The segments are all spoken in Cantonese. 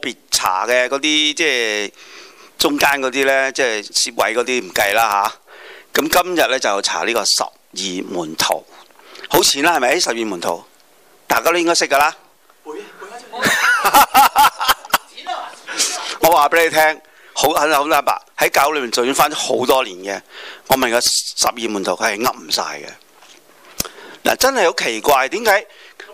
別查嘅嗰啲即係中間嗰啲呢，即係攝位嗰啲唔計啦吓。咁、啊、今日呢，就查呢個十二門徒，好錢啦係咪？十二門徒，大家都應該識㗎啦。我話俾你聽，好肯定好坦白，喺教裏面做緊翻咗好多年嘅。我問佢十二門徒，佢係噏唔晒嘅。嗱、啊，真係好奇怪，點解？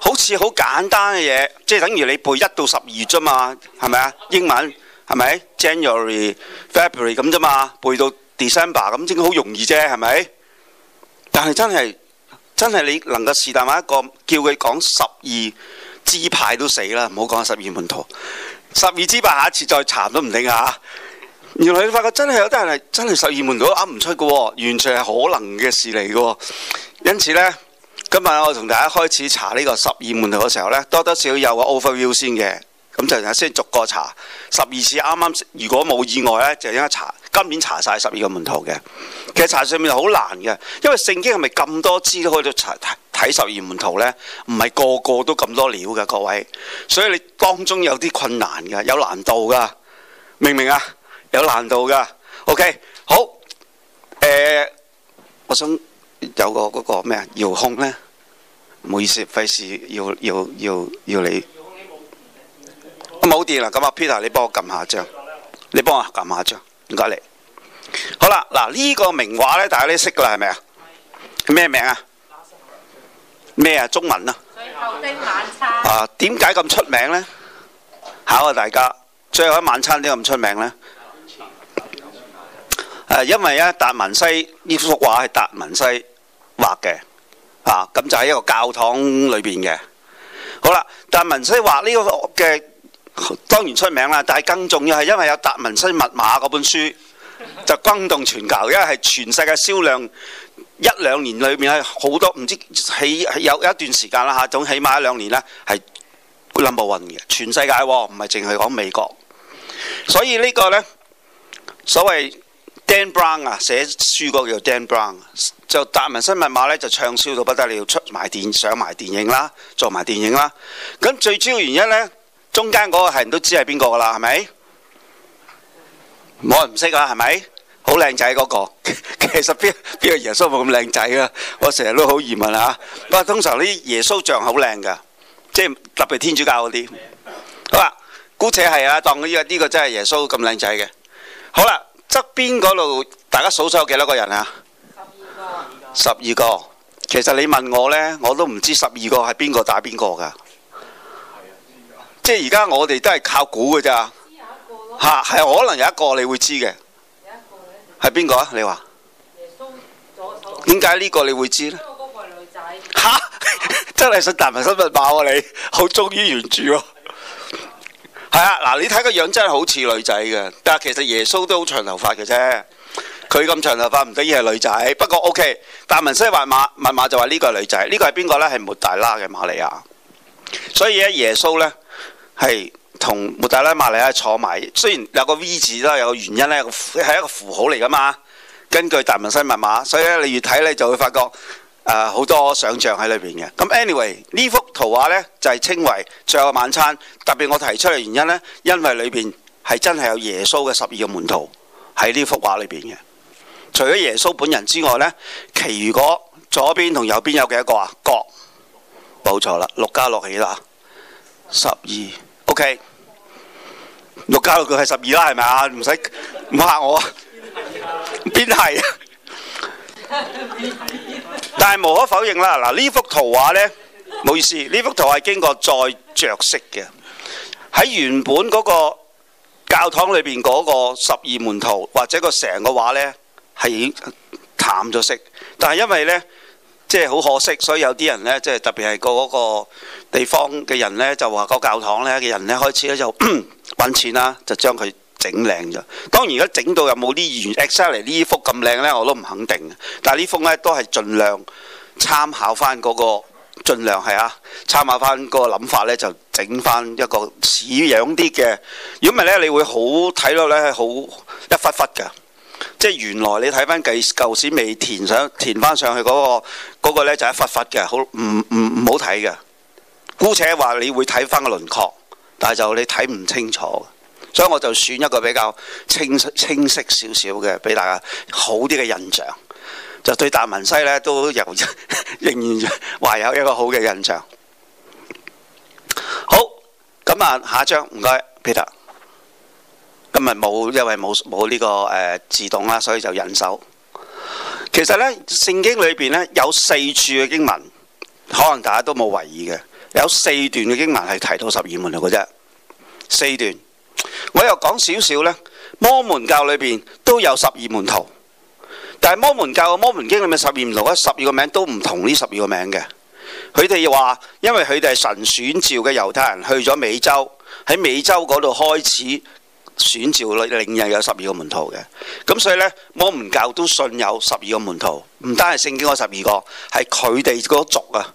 好似好簡單嘅嘢，即係等於你背一到十二啫嘛，係咪啊？英文係咪？January、February 咁啫嘛，背到 December 咁，應該好容易啫，係咪？但係真係真係你能夠是但話一個叫佢講十二支派都死啦，唔好講十二門徒，十二支派下一次再查都唔定啊！原來你發覺真係有啲人係真係十二門徒啱唔出嘅喎、哦，完全係可能嘅事嚟嘅喎，因此呢。今日我同大家開始查呢個十二門徒嘅時候呢，多多少少有個 overview 先嘅。咁就先逐個查十二次剛剛。啱啱如果冇意外呢，就應該查今年查晒十二個門徒嘅。其實查上面好難嘅，因為聖經係咪咁多字都可以查睇十二門徒呢？唔係個個都咁多料嘅，各位。所以你當中有啲困難嘅，有難度噶，明唔明啊？有難度噶。OK，好，呃，我想有個嗰個咩啊遙控呢？唔好意思，費事要要要要你，冇電啦。咁啊，Peter，你幫我撳下張，你幫我撳下張，唔該你。好啦，嗱呢個名畫呢，大家都識噶啦，係咪啊？咩名啊？咩啊？中文啦、啊。最後的晚餐。啊，點解咁出名呢？考下大家，最後一晚餐點解咁出名呢、啊？因為啊，達文西呢幅畫係達文西畫嘅。啊，咁就喺一個教堂裏邊嘅，好啦。達文西話呢個嘅當然出名啦，但係更重要係因為有達文西密碼嗰本書就轟動全球，因為係全世界銷量一兩年裏面係好多，唔知起，起有一段時間啦嚇，總、啊、起碼一兩年咧係 number one 嘅，全世界唔係淨係講美國，所以呢個呢，所謂。Dan Brown 啊，寫書嗰叫 Dan Brown，就《達文西密碼呢》咧就暢銷到不得了，出埋電上埋電影啦，做埋電影啦。咁最主要原因咧，中間嗰個係人都知係邊個噶啦，係咪？冇人唔識啊，係咪？好靚仔嗰個， 其實邊邊個耶穌冇咁靚仔啊？我成日都好疑問啊。不過、 啊、通常啲耶穌像好靚噶，即係特別天主教嗰啲。 好啦，姑且係啊，當呢、呢個呢、呢個真係耶穌咁靚仔嘅。好啦。側邊嗰度，大家數數有幾多個人啊？十二個。十二個，其實你問我呢，我都唔知十二個係邊 個打邊個噶。即係而家我哋都係靠估噶咋。吓，係可能有一個你會知嘅。有一個咧就係係邊個啊？你話？點解呢個你會知咧？因為我嗰個女仔。吓哈， 真係信大文新聞爆啊！你好忠於原著啊？係啊，嗱，你睇個樣真係好似女仔嘅，但係其實耶穌都好長頭髮嘅啫。佢咁長頭髮唔得意係女仔，不過 O K。達文西密碼密碼就話呢個係女仔，呢、這個係邊個呢？係莫大拉嘅瑪利亞。所以咧，耶穌呢，係同莫大拉瑪利亞坐埋，雖然有個 V 字啦，有個原因呢，係一個符號嚟噶嘛。根據達文西密碼，所以咧你越睇呢就會發覺。誒好、呃、多想象喺裏邊嘅，咁 anyway 呢幅圖畫呢就係、是、稱為《最後晚餐》，特別我提出嘅原因呢，因為裏邊係真係有耶穌嘅十二個門徒喺呢幅畫裏邊嘅。除咗耶穌本人之外呢，其餘嗰左邊同右邊有幾多個啊？角，冇錯啦，六加六起啦，十二。O.K. 六加六佢係十二啦，係咪啊？唔使唔嚇我，邊係？ 但係無可否認啦，嗱呢幅圖畫呢，冇意思。呢幅圖係經過再着色嘅，喺原本嗰個教堂裏邊嗰個十二門徒或者個成個畫呢係已經淡咗色，但係因為呢，即係好可惜，所以有啲人呢，即係特別係個嗰個地方嘅人呢，就話個教堂呢嘅人呢，開始呢就揾 錢啦，就將佢。整靚咗。當然而家整到有冇啲原 Excel 嚟呢幅咁靚呢，我都唔肯定。但係呢幅呢，都係盡量參考翻、那、嗰個，盡量係啊，參考翻嗰個諗法呢，就整翻一個似樣啲嘅。如果唔係呢，你會好睇落呢係好一忽忽嘅。即係原來你睇翻舊時未填上填翻上去嗰、那個嗰、那個咧就一忽忽嘅，好唔唔唔好睇嘅。姑且話你會睇翻個輪廓，但係就你睇唔清楚。所以我就選一個比較清晰清晰少少嘅，俾大家好啲嘅印象，就對達文西呢，都由呵呵仍然懷有一個好嘅印象。好，咁啊下一張唔該，Peter，今日冇因為冇冇呢個誒、呃、自動啦，所以就忍手。其實呢，聖經裏邊呢，有四處嘅經文，可能大家都冇懷疑嘅，有四段嘅經文係提到十二門徒嘅啫，四段。我又講少少咧，摩門教裏邊都有十二門徒，但係摩門教嘅摩門經裏面十二門徒咧，十二個名都唔同呢十二個名嘅。佢哋又話，因為佢哋係神選召嘅猶太人去咗美洲，喺美洲嗰度開始選召咧，另有十二個門徒嘅。咁所以咧，摩門教都信有十二個門徒，唔單係聖經嗰十二個，係佢哋嗰族啊，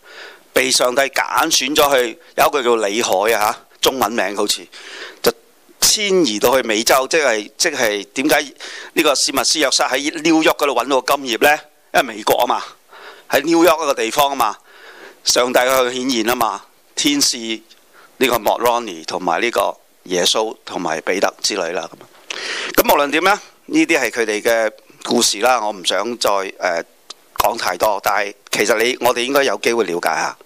被上帝揀選咗去，有一個叫李海啊嚇，中文名好似就。遷移到去美洲，即係即係點解呢個斯密斯約瑟喺 New York 嗰度揾到個金葉呢？因為美國啊嘛，喺 New York 嗰個地方啊嘛，上帝佢顯現啊嘛，天使呢個莫羅尼同埋呢個耶穌同埋彼得之類啦咁。咁無論點呢，呢啲係佢哋嘅故事啦，我唔想再誒講、呃、太多。但係其實你我哋應該有機會了解下。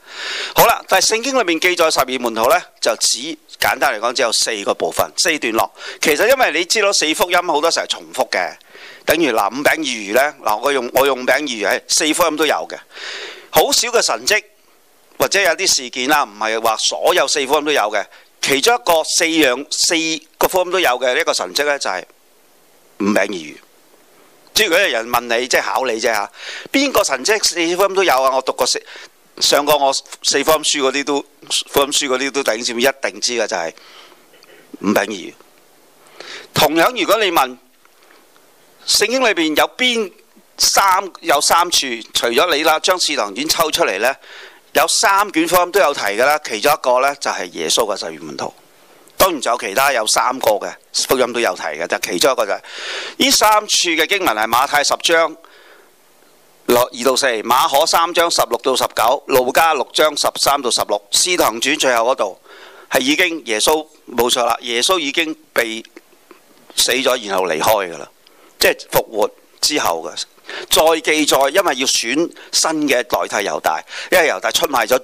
好啦，但係聖經裏面記載十二門徒呢，就指。簡單嚟講，只有四個部分，四段落。其實因為你知咯，四福音好多時候係重複嘅。等如嗱五餅二魚呢。嗱我用我用五餅二魚，係四福音都有嘅。好少嘅神蹟或者有啲事件啦，唔係話所有四福音都有嘅。其中一個四樣四個福音都有嘅呢個神蹟呢，就係五餅二魚。即係有人問你，即係考你啫嚇，邊個神蹟四福音都有啊？我讀過四。上個我四福音書嗰啲都福音書嗰啲都頂尖，一定知嘅就係、是、五等二。同樣，如果你問聖經裏邊有邊三有三處，除咗你啦，將四堂卷抽出嚟呢，有三卷福音都有提嘅啦。其中一個呢，就係耶穌嘅十二門徒。當然仲有其他有三個嘅福音都有提嘅，但、就是、其中一個就係、是、呢三處嘅經文係馬太十章。落二到四，馬可三章十六到十九，路加六章十三到十六，使徒行傳最後嗰度係已經耶穌冇錯啦，耶穌已經被死咗然後離開噶啦，即係復活之後噶，再記載，因為要選新嘅代替猶大，因為猶大出賣咗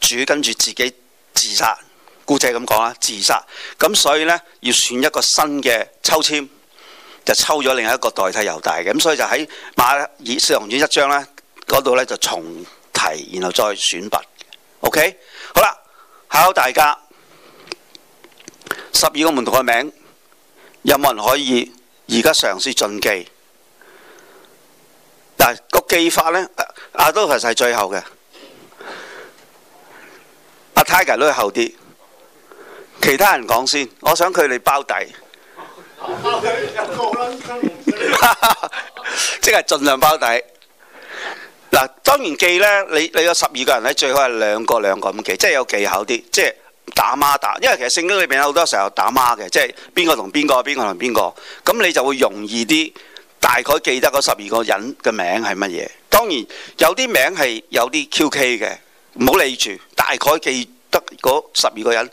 主，跟住自己自殺，姑姐咁講啦，自殺，咁所以呢，要選一個新嘅抽籤。就抽咗另一個代替猶大嘅，咁所以就喺馬以四強卷一章呢嗰度呢，就重提，然後再選拔。OK，好啦，考大家十二個門徒嘅名，有冇人可以而家嘗試盡記？但係個記法呢，阿阿都係最後嘅，阿 Tiger 都係後啲，其他人講先。我想佢哋包底。 即係盡量包底。嗱，當然記呢，你你個十二個人呢，最好係兩個兩個咁記，即係有技巧啲，即係打孖打。因為其實聖經裏面有好多時候打孖嘅，即係邊個同邊個，邊個同邊個，咁你就會容易啲，大概記得嗰十二個人嘅名係乜嘢。當然有啲名係有啲 QK 嘅，唔好理住，大概記得嗰十二個人。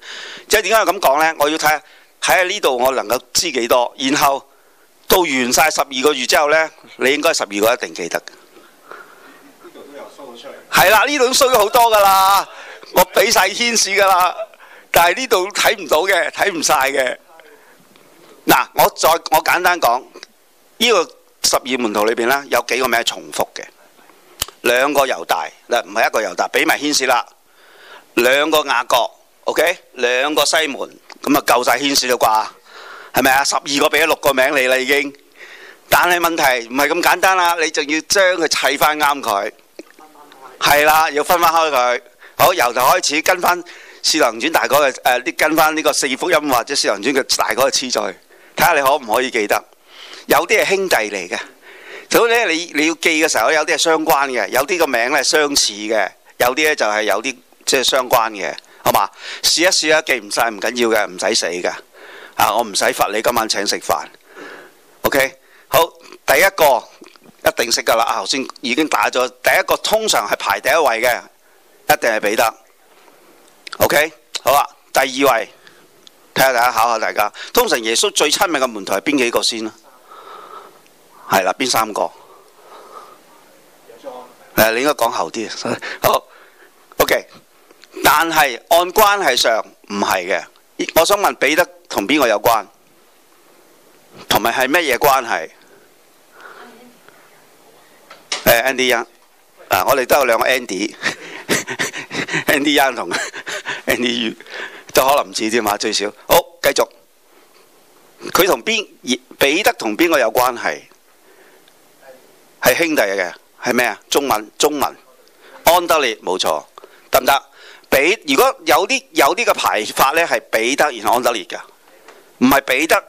即係點解要咁講呢？我要睇下喺呢度我能夠知幾多，然後。到完晒十二個月之後呢，你應該十二個一定記得。呢係啦，呢度都衰咗好多噶啦， 我俾晒牽線噶啦，但係呢度睇唔到嘅，睇唔晒嘅。嗱、啊，我再我簡單講，呢、這個十二門徒裏邊呢，有幾個名係重複嘅，兩個猶大，嗱唔係一個猶大，俾埋牽線啦，兩個雅各，OK，兩個西門，咁啊夠晒牽線啦啩。係咪啊？十二個俾咗六個名你啦，已經。但係問題唔係咁簡單啦，你仲要將佢砌翻啱佢。係啦，要分翻開佢。好，由頭開始跟翻《使徒行傳》大哥嘅，誒、呃，跟翻呢個四福音或者《使徒行傳》嘅大哥嘅次序，睇下你可唔可以記得。有啲係兄弟嚟嘅，所以咧你你要記嘅時候有啲係相關嘅，有啲個名咧係相似嘅，有啲咧就係有啲即係相關嘅，好嘛？試一試啦，記唔晒唔緊要嘅，唔使死嘅。啊！我唔使罰你今晚請食飯。OK，好，第一個一定識㗎啦。啊，頭先已經打咗第一個，通常係排第一位嘅，一定係彼得。OK，好啦。第二位，睇下大家考下大家。通常耶穌最親密嘅門徒係邊幾個先、啊？係啦，邊三個？冇錯啊、你應該講後啲。好，OK。但係按關係上唔係嘅，我想問彼得。同邊個有關？同埋係乜嘢關係？誒、啊、Andy 一啊，我哋都有兩個 Andy，Andy n 一同 Andy 二 都可能唔似啲嘛，最少。好，繼續佢同邊彼得同邊個有關係？係兄弟嘅係咩啊？中文，中文安德烈，冇錯，得唔得？比如果有啲有啲嘅排法咧，係彼得，然後安德烈嘅。唔係彼得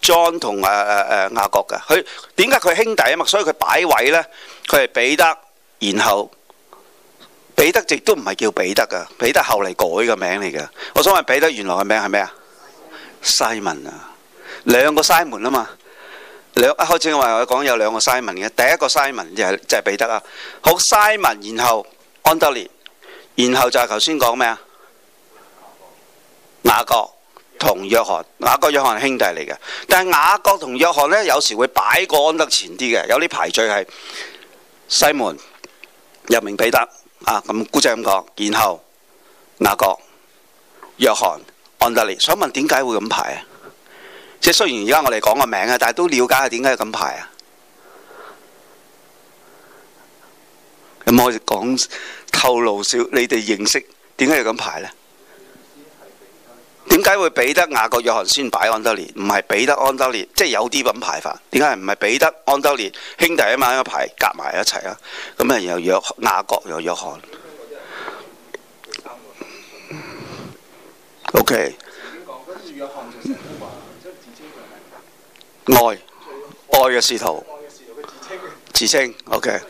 John 同誒誒亞各嘅，佢點解佢兄弟啊嘛？所以佢擺位咧，佢係彼得，然後彼得亦都唔係叫彼得嘅，彼得後嚟改個名嚟嘅。我想問彼得原來嘅名係咩啊？Simon 啊，兩個 Simon 啊嘛，兩一開始我話我講有兩個 Simon 嘅，第一個西門就係、是、就係、是、彼得啊。好 Simon 然後安德烈。然後就係頭先講咩啊？亞各。同約翰雅各、約翰兄弟嚟嘅，但係雅各同約翰呢，有時會擺個安德前啲嘅，有啲排序係西門、又名彼得啊，咁姑姐咁講，然後雅各、約翰安德烈，想問點解會咁排啊？即係雖然而家我哋講個名啊，但係都了解下點解要咁排啊？咁可以講透露少，你哋認識點解要咁排呢、啊？點解會彼得亞國約翰先擺安德烈？唔係彼得安德烈，即係有啲品牌法。點解唔係彼得安德烈兄弟啊？嘛，一排夾埋一齊啊。咁啊，又約亞國又約翰。嗯、O.K.、嗯、愛愛嘅使徒，自稱 O.K.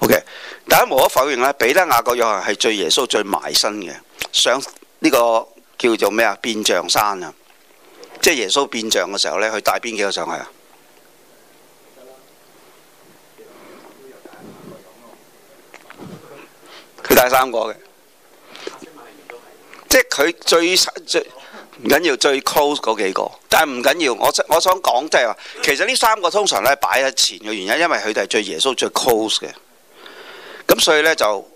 O.K. 大家無可否認呢彼得亞國約翰係最耶穌最埋身嘅。上呢個叫做咩啊？變像山啊！即係耶穌變像嘅時候呢，佢帶邊幾個上去啊？佢 帶三個嘅，即係佢最最唔緊要最 close 嗰幾個。但係唔緊要，我我想講即係話，其實呢三個通常呢擺喺前嘅原因，因為佢哋係最耶穌最 close 嘅。咁所以呢，就。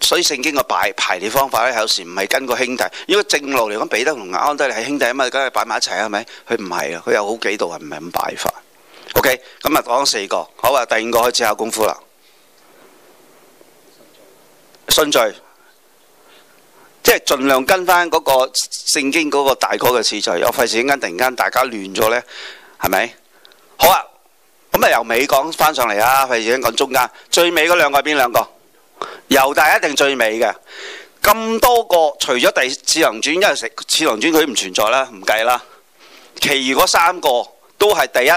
所以聖經個排排列方法咧，有時唔係跟個兄弟，如果正路嚟講，彼得同安德烈係兄弟啊嘛，梗係擺埋一齊啊，係咪？佢唔係啊，佢有好幾度係唔係咁擺法。OK，咁啊講四個，好啊，第五個開始考功夫啦。順序，順序，即係儘量跟翻嗰個聖經嗰個大概嘅次序。我費事一間突然間大家亂咗呢，係咪？好啊，咁啊由尾講翻上嚟啊，費事講中間。最尾嗰兩個係邊兩個？猶大一定最尾嘅，咁多個除咗第二次郎轉因為次郎轉佢唔存在啦，唔計啦。其餘嗰三個都係第一，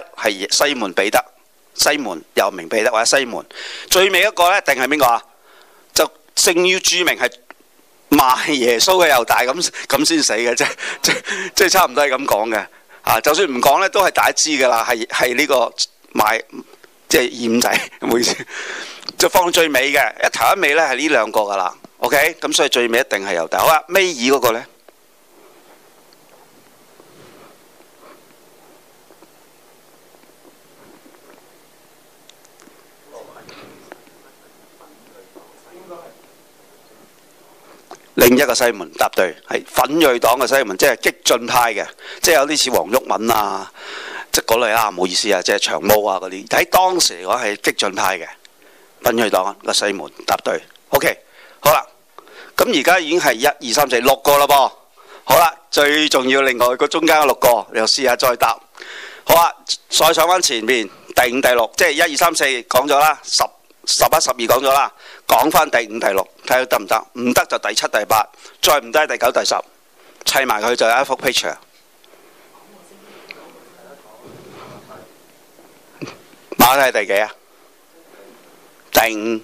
係西門彼得，西門又名彼得或者西門。最尾一個咧，定係邊個啊？就正於著名係賣耶穌嘅猶大，咁咁先死嘅啫，即即,即差唔多係咁講嘅。啊，就算唔講咧，都係大家知噶啦，係係呢個賣即係二五仔，唔好意思。就放到最尾嘅一頭一尾咧，係呢兩個噶啦，OK？咁所以最尾一定係猶大好啦。尾二嗰個咧，另一個西門答對係奮銳黨嘅西門，即係激進派嘅，即係有啲似黃毓民啊，即係嗰類啦。唔好意思啊，即係長毛啊嗰啲喺當時嚟講係激進派嘅。賓去檔案個西門答對，OK，好啦，咁而家已經係一二三四六個啦噃，好啦，最重要另外個中間嘅六個，你又試下再答，好啊，再上翻，前面第五、第六，即係一二三四講咗啦，十十一、十二講咗啦，講翻第五、第六，睇下得唔得，唔得就第七、第八，再唔得第九、第十，砌埋佢就有一幅 picture，馬係第幾啊？第五，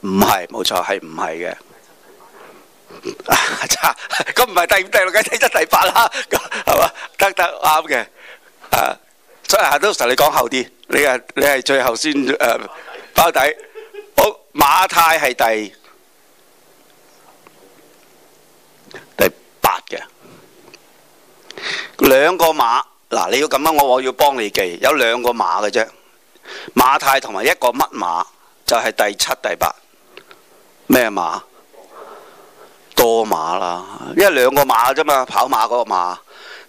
唔係冇錯，係唔係嘅？啊，擦，咁唔係第五、第六，梗係第七、第八啦，係嘛？得得啱嘅，啊，所以阿 Doctor 你講後啲，你係你係最後先誒包底。好，馬太係第第八嘅，兩個馬嗱，你要咁樣，我我要幫你記，有兩個馬嘅啫。馬太同埋一個乜馬就係、是、第七第八咩馬多馬啦，因為兩個馬啫嘛，跑馬嗰個馬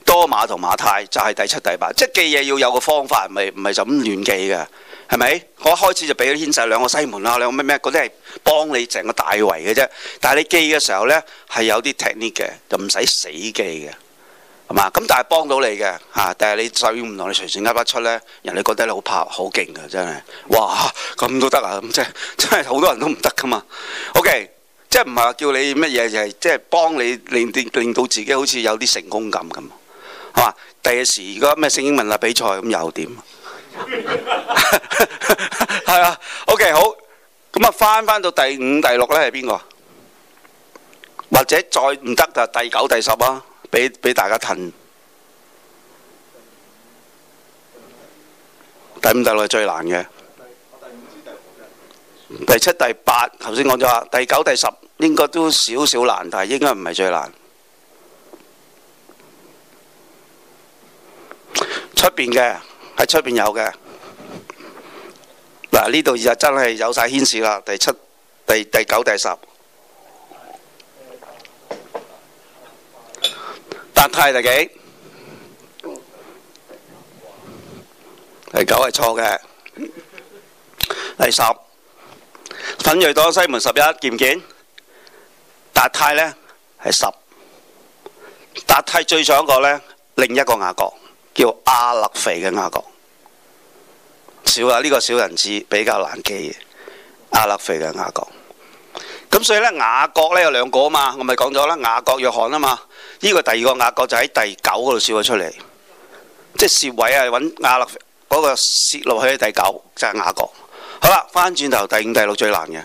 多馬同馬太就係第七第八，即係記嘢要有個方法，唔係唔係就咁亂記嘅，係咪？我一開始就俾咗牽晒兩個西門啦，兩個咩咩，嗰啲係幫你整個大圍嘅啫。但係你記嘅時候呢，係有啲 technique 嘅，就唔使死記嘅。係嘛？咁但係幫到你嘅嚇、啊，但係你就要唔同你隨時噏得出咧，人哋覺得你好拍好勁嘅真係哇，咁都得啊？咁即係真係好多人都唔得噶嘛？OK，即係唔係話叫你乜嘢，就係、是、即係幫你令令到自己好似有啲成功感咁，係嘛？第時如果咩聖英文啊比賽咁又點？係 啊，OK 好。咁啊，翻翻到第五、第六咧係邊個？或者再唔得就第九、第十啊？俾俾大家騰，第五、第六係最難嘅，第七、第八，頭先講咗啦，第九、第十應該都少少難，但係應該唔係最難。出邊嘅喺出邊有嘅，嗱呢度而家真係有曬顯示啦，第七、第第九、第十。達泰係幾？第九係錯嘅，第十。奮銳黨西門十一見唔見？達泰呢？係十。達泰最上一個呢，另一個雅各叫亞勒腓嘅雅各，少啊呢個少人知，比較難記嘅亞勒腓嘅雅各。咁所以呢，雅各呢有兩個啊嘛，我咪講咗啦，雅各約翰啊嘛，呢、這個第二個雅各就喺第九嗰度出咗出嚟，即係攝位啊，揾雅立嗰個攝落去喺第九就係、是、雅各。好啦，翻轉頭第五、第六最難嘅，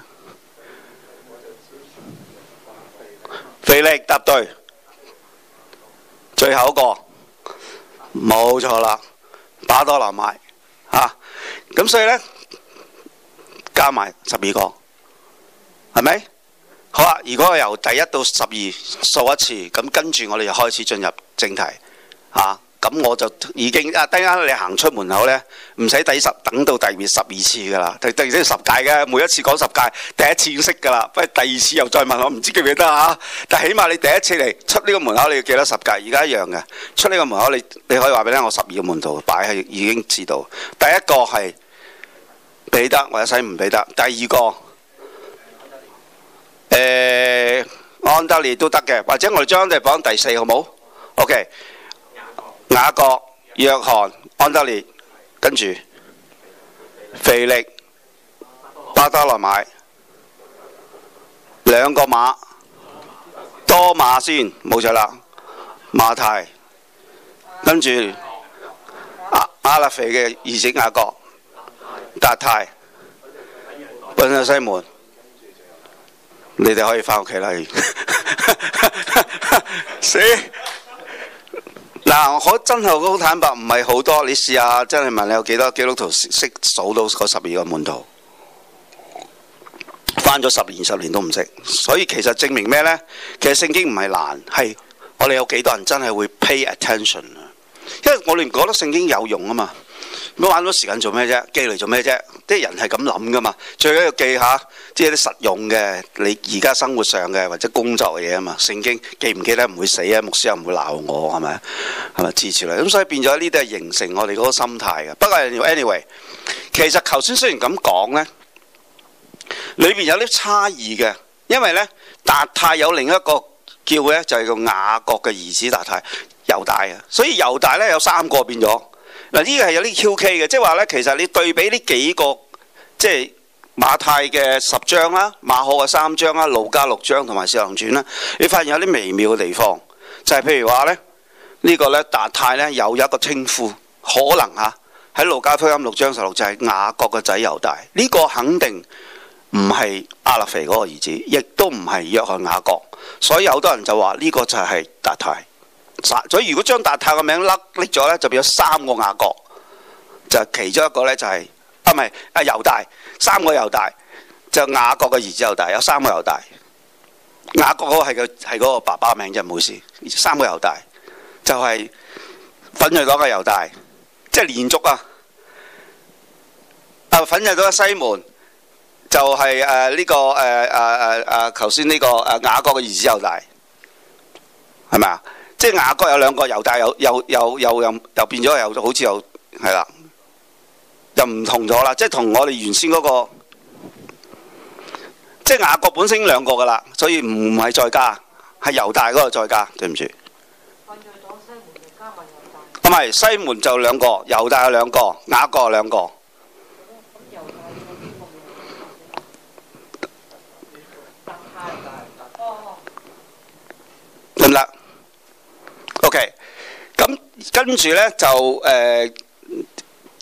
肥力答對，最後一個冇錯啦，巴多羅買啊！咁所以呢，加埋十二個，係咪？好啦、啊，如果我由第一到十二數一次，咁跟住我哋就開始進入正題嚇。咁、啊、我就已經啊，突然間你行出門口咧，唔使第十等到第二十二次噶啦，突然即係十誡嘅，每一次講十誡，第一次識噶啦，不過第二次又再問我唔知記唔記得啊？但起碼你第一次嚟出呢個門口，你要記得十誡，而家一樣嘅。出呢個門口你，你你可以話俾你聽，我十二個門徒擺喺已經知道。第一個係彼得，或者使唔彼得。第二個。誒、欸，安德烈都得嘅，或者我哋將佢哋放第四好冇？OK，雅各、約翰、安德烈，跟住腓力、巴多羅買，兩個馬多馬先冇咗啦。馬太，跟住亞亞勒腓嘅兒子雅各、達太、奔向西門。你哋可以翻屋企啦，死嗱！我真係好坦白，唔係好多。你試下真係問你有幾多基督徒識數到嗰十二個門徒，翻咗十年、十年都唔識。所以其實證明咩呢？其實聖經唔係難，係我哋有幾多人真係會 pay attention 啊，因為我哋唔覺得聖經有用啊嘛。咁玩咗時間做咩啫？記嚟做咩啫？啲人係咁諗噶嘛？最緊要記下，即係啲實用嘅，你而家生活上嘅或者工作嘅嘢啊嘛。聖經記唔記得唔會死啊，牧師又唔會鬧我係咪啊？係咪支持你？咁所以變咗呢啲係形成我哋嗰個心態嘅。不過 anyway，其實頭先雖然咁講呢，裏邊有啲差異嘅，因為呢，達太有另一個叫咧就係個雅各嘅兒子達太，猶大啊，所以猶大呢，有三個變咗。嗱，呢個係有啲 QK 嘅，即係話呢。其實你對比呢幾個即係馬太嘅十章啦、馬可嘅三章啦、路加六章同埋四行傳啦，你發現有啲微妙嘅地方，就係、是、譬如話呢，呢、這個呢，達太呢有一個稱呼，可能嚇喺路加福音六章十六就係、是、雅各嘅仔猶大，呢、這個肯定唔係亞勒腓嗰個兒子，亦都唔係約翰雅各，所以好多人就話呢、這個就係達太。所以如果將達太個名甩拎咗咧，就變咗三個雅各，就其中一個咧就係，啊唔係啊猶大，三個猶大，就雅各嘅兒子猶大有三個猶大，雅各嗰個係個係嗰個爸爸名啫，唔好意思。三個猶大就係奮銳黨嘅猶大，即係連續啊。啊奮銳黨嘅西門就係誒呢個誒誒誒誒，頭先呢個誒、呃、雅各嘅兒子猶大，係咪啊？即係雅各有兩個，猶大有有又又，又，又，又變咗，又好似又係啦，又唔同咗啦。即係同我哋原先嗰、那個，即係雅各本身兩個㗎啦，所以唔係再加，係猶大嗰度再加，對唔住。唔係西，西門就兩個，猶大有兩個，雅各有兩個。O.K. 咁跟住呢就誒，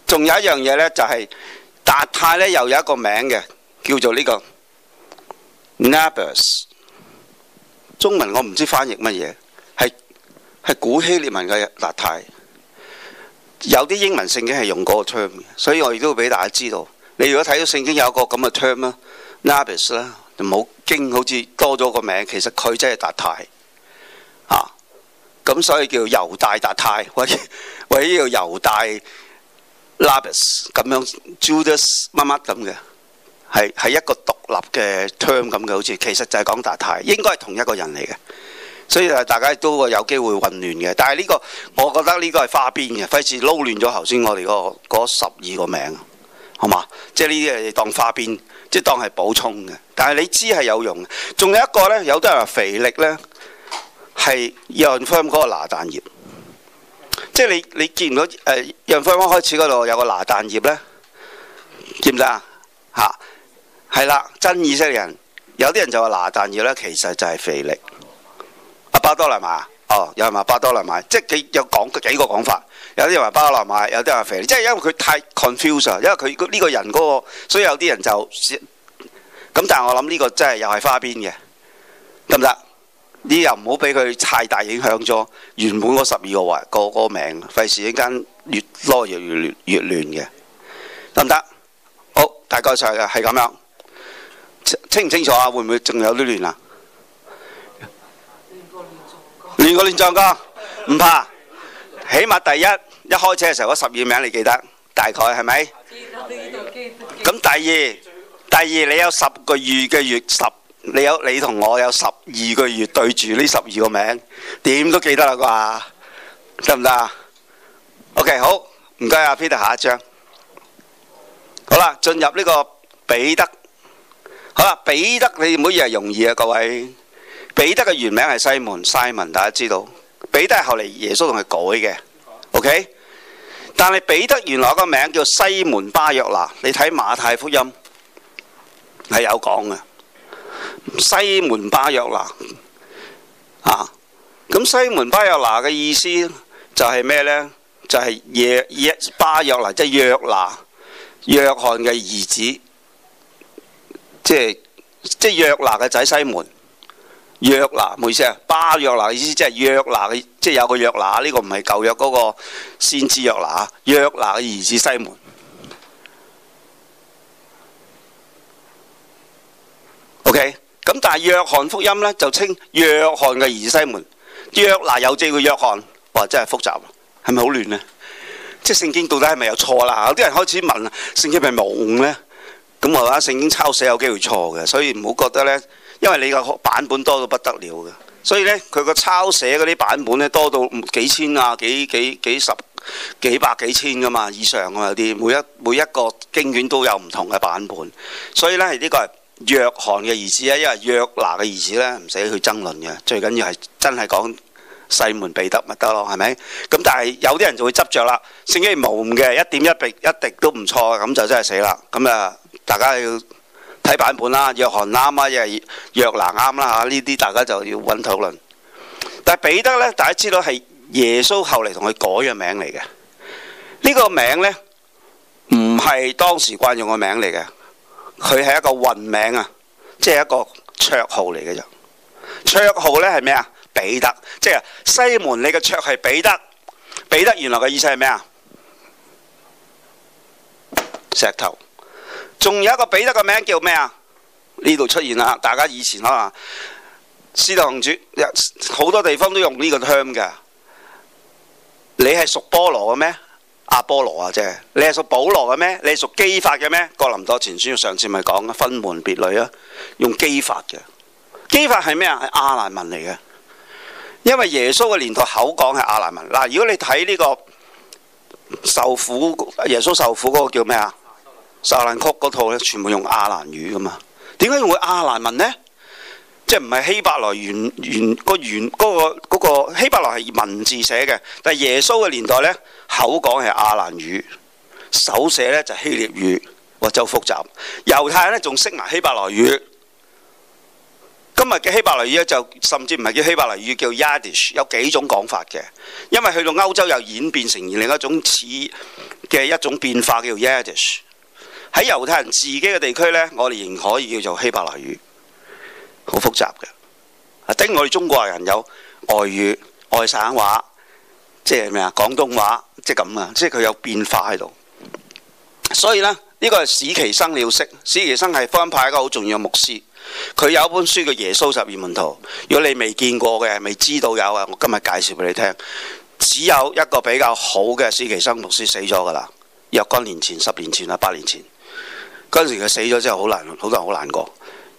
仲有一樣嘢呢，就係、呃就是、達太呢，又有一個名嘅叫做呢、呢個 Nabus。Abis，中文我唔知翻譯乜嘢，係係古希臘文嘅達太。有啲英文聖經係用嗰個 term 嘅，所以我亦都會俾大家知道。你如果睇到聖經有個咁嘅 term 啦，Nabus 啦，abis，就唔好驚好似多咗個名，其實佢真係達太啊。咁所以叫猶大達泰，或者或者叫猶大拉巴斯咁樣，Judas 乜乜咁嘅，係係一個獨立嘅 term 咁嘅，好似其實就係講達泰，應該係同一個人嚟嘅。所以大家都有機會混亂嘅。但係呢個，我覺得呢個係花邊嘅，費事撈亂咗頭先我哋嗰十二個名，好嘛？即係呢啲係當花邊，即係當係補充嘅。但係你知係有用嘅。仲有一個呢，有啲人話肥力呢。係楊芬嗰個拿但業，即係你你見唔到誒楊芬開始嗰度有個拿但業咧，見唔見啊？嚇，係啦，真意識嘅人有啲人就話拿但業咧，其實就係腓力。阿巴多羅買？哦，有嘛？巴多羅買？即係佢有講幾個講法，有啲人話巴多羅買，有啲人話腓力，即係因為佢太 confuse 因為佢呢個人嗰個，所以有啲人就咁。但係我諗呢個真係又係花邊嘅，得唔得？呢，又唔好俾佢太大影響咗原本嗰十二個位個個名，費事一間越多越越越亂嘅，得唔得？好，大概就嘅係咁樣，清唔清楚啊？會唔會仲有啲亂啊？亂過亂撞過亂，唔怕，起碼第一一開車嘅時候嗰十二名你記得，大概係咪？咁第二第二你有十個月嘅月十。你有你同我有十二個月對住呢十二個名，點都記得啦啩？得唔得啊？OK，好，唔該阿 Peter 下一張。好啦，進入呢個彼得。好啦，彼得你唔好以為容易啊，各位。彼得嘅原名係西門 Simon，大家知道。彼得係後嚟耶穌同佢改嘅。OK，但係彼得原來個名叫西門巴約拿，你睇馬太福音係有講嘅。西門巴約拿啊！咁西門巴約拿嘅意思就係咩呢？就係、是、耶耶巴約拿，即係約拿約翰嘅兒子，即係即係約拿嘅仔西門。約拿唔好意思啊，巴約拿嘅意思即係約拿，即係有個約拿呢個唔係舊約嗰個先知約拿，約拿嘅兒子西門。OK。咁但係約翰福音咧就稱約翰嘅兒西門，約嗱有隻叫約翰，哇真係複雜，係咪好亂呢？即係聖經到底係咪有錯啦？有啲人開始問聖經係咪蒙呢？咁、嗯、啊聖經抄寫有機會錯嘅，所以唔好覺得呢，因為你個版本多到不得了嘅，所以呢，佢個抄寫嗰啲版本呢，多到幾千啊、幾幾幾十、幾百、幾千噶、啊、嘛以上啊有啲，每一每一個經卷都有唔同嘅版本，所以呢，咧呢個。約翰嘅意思，咧，因為約拿嘅意思呢，咧，唔使去爭論嘅。最緊要係真係講西門彼得咪得咯，係咪？咁但係有啲人就會執着啦。聖經無誤嘅，一點一滴一滴都唔錯，咁就真係死啦。咁啊，大家要睇版本啦。約翰啱啊，亦係約拿啱啦嚇。呢啲大家就要揾討論。但係彼得呢，大家知道係耶穌後嚟同佢改嘅名嚟嘅。呢、呢個名呢，唔係當時慣用嘅名嚟嘅。佢係一個混名啊，即係一個綽號嚟嘅啫。綽號呢係咩啊？彼得，即係西門。你嘅綽係彼得，彼得原來嘅意思係咩啊？石頭。仲有一個彼得嘅名叫咩啊？呢度出現啦，大家以前可能《使徒行傳》好多地方都用呢個 term 嘅。你係屬菠蘿嘅咩？阿波羅啊，即係你係屬保羅嘅咩？你係屬磯法嘅咩？哥林多前書上次咪講啦，分門別類啊，用磯法嘅。磯法係咩啊？係亞蘭文嚟嘅，因為耶穌嘅年代口講係亞蘭文嗱。如果你睇呢、這個受苦耶穌受苦嗰個叫咩啊？受難曲嗰套咧，全部用亞蘭語噶嘛？點解用個亞蘭文呢？即係唔係希伯來原原個原嗰、嗰個、嗰個希伯來係文字寫嘅，但係耶穌嘅年代呢，口講係阿蘭語，手寫呢就係、希臘語，就複雜。猶太人呢仲識埋希伯來語。今日嘅希伯來語咧就甚至唔係叫希伯來語，叫 Yiddish，有幾種講法嘅。因為去到歐洲又演變成另一種似嘅一種變化，叫做 Yiddish。喺猶太人自己嘅地區呢，我哋仍可以叫做希伯來語。好複雜嘅，啊！等我哋中國人有外語、外省話，即係咩啊？廣東話，即係咁啊！即係佢有變化喺度，所以呢，呢個係史奇生你要識。史奇生係福音派一個好重要嘅牧師，佢有一本書叫《耶穌十二門徒》。如果你未見過嘅、未知道有嘅，我今日介紹俾你聽。只有一個比較好嘅史奇生牧師死咗㗎啦，若干年前、十年前啊、八年前，嗰陣時佢死咗之後，好難，好多人好難過。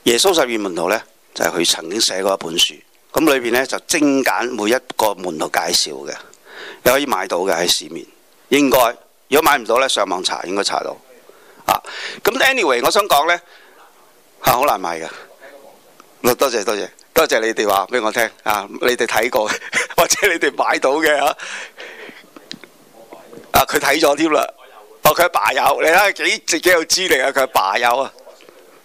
耶穌十二門徒呢。就係佢曾經寫過一本書，咁裏邊呢就精簡每一個門路介紹嘅，你可以買到嘅喺市面。應該如果買唔到呢，上網查應該查到。啊，咁 anyway，我想講呢，嚇、啊、好難買㗎、啊。多謝多謝，多謝你哋話俾我聽啊，你哋睇過或者你哋買到嘅啊佢睇咗添啦，哦、啊，佢係爸有，你睇幾幾有資歷啊？佢係爸有啊。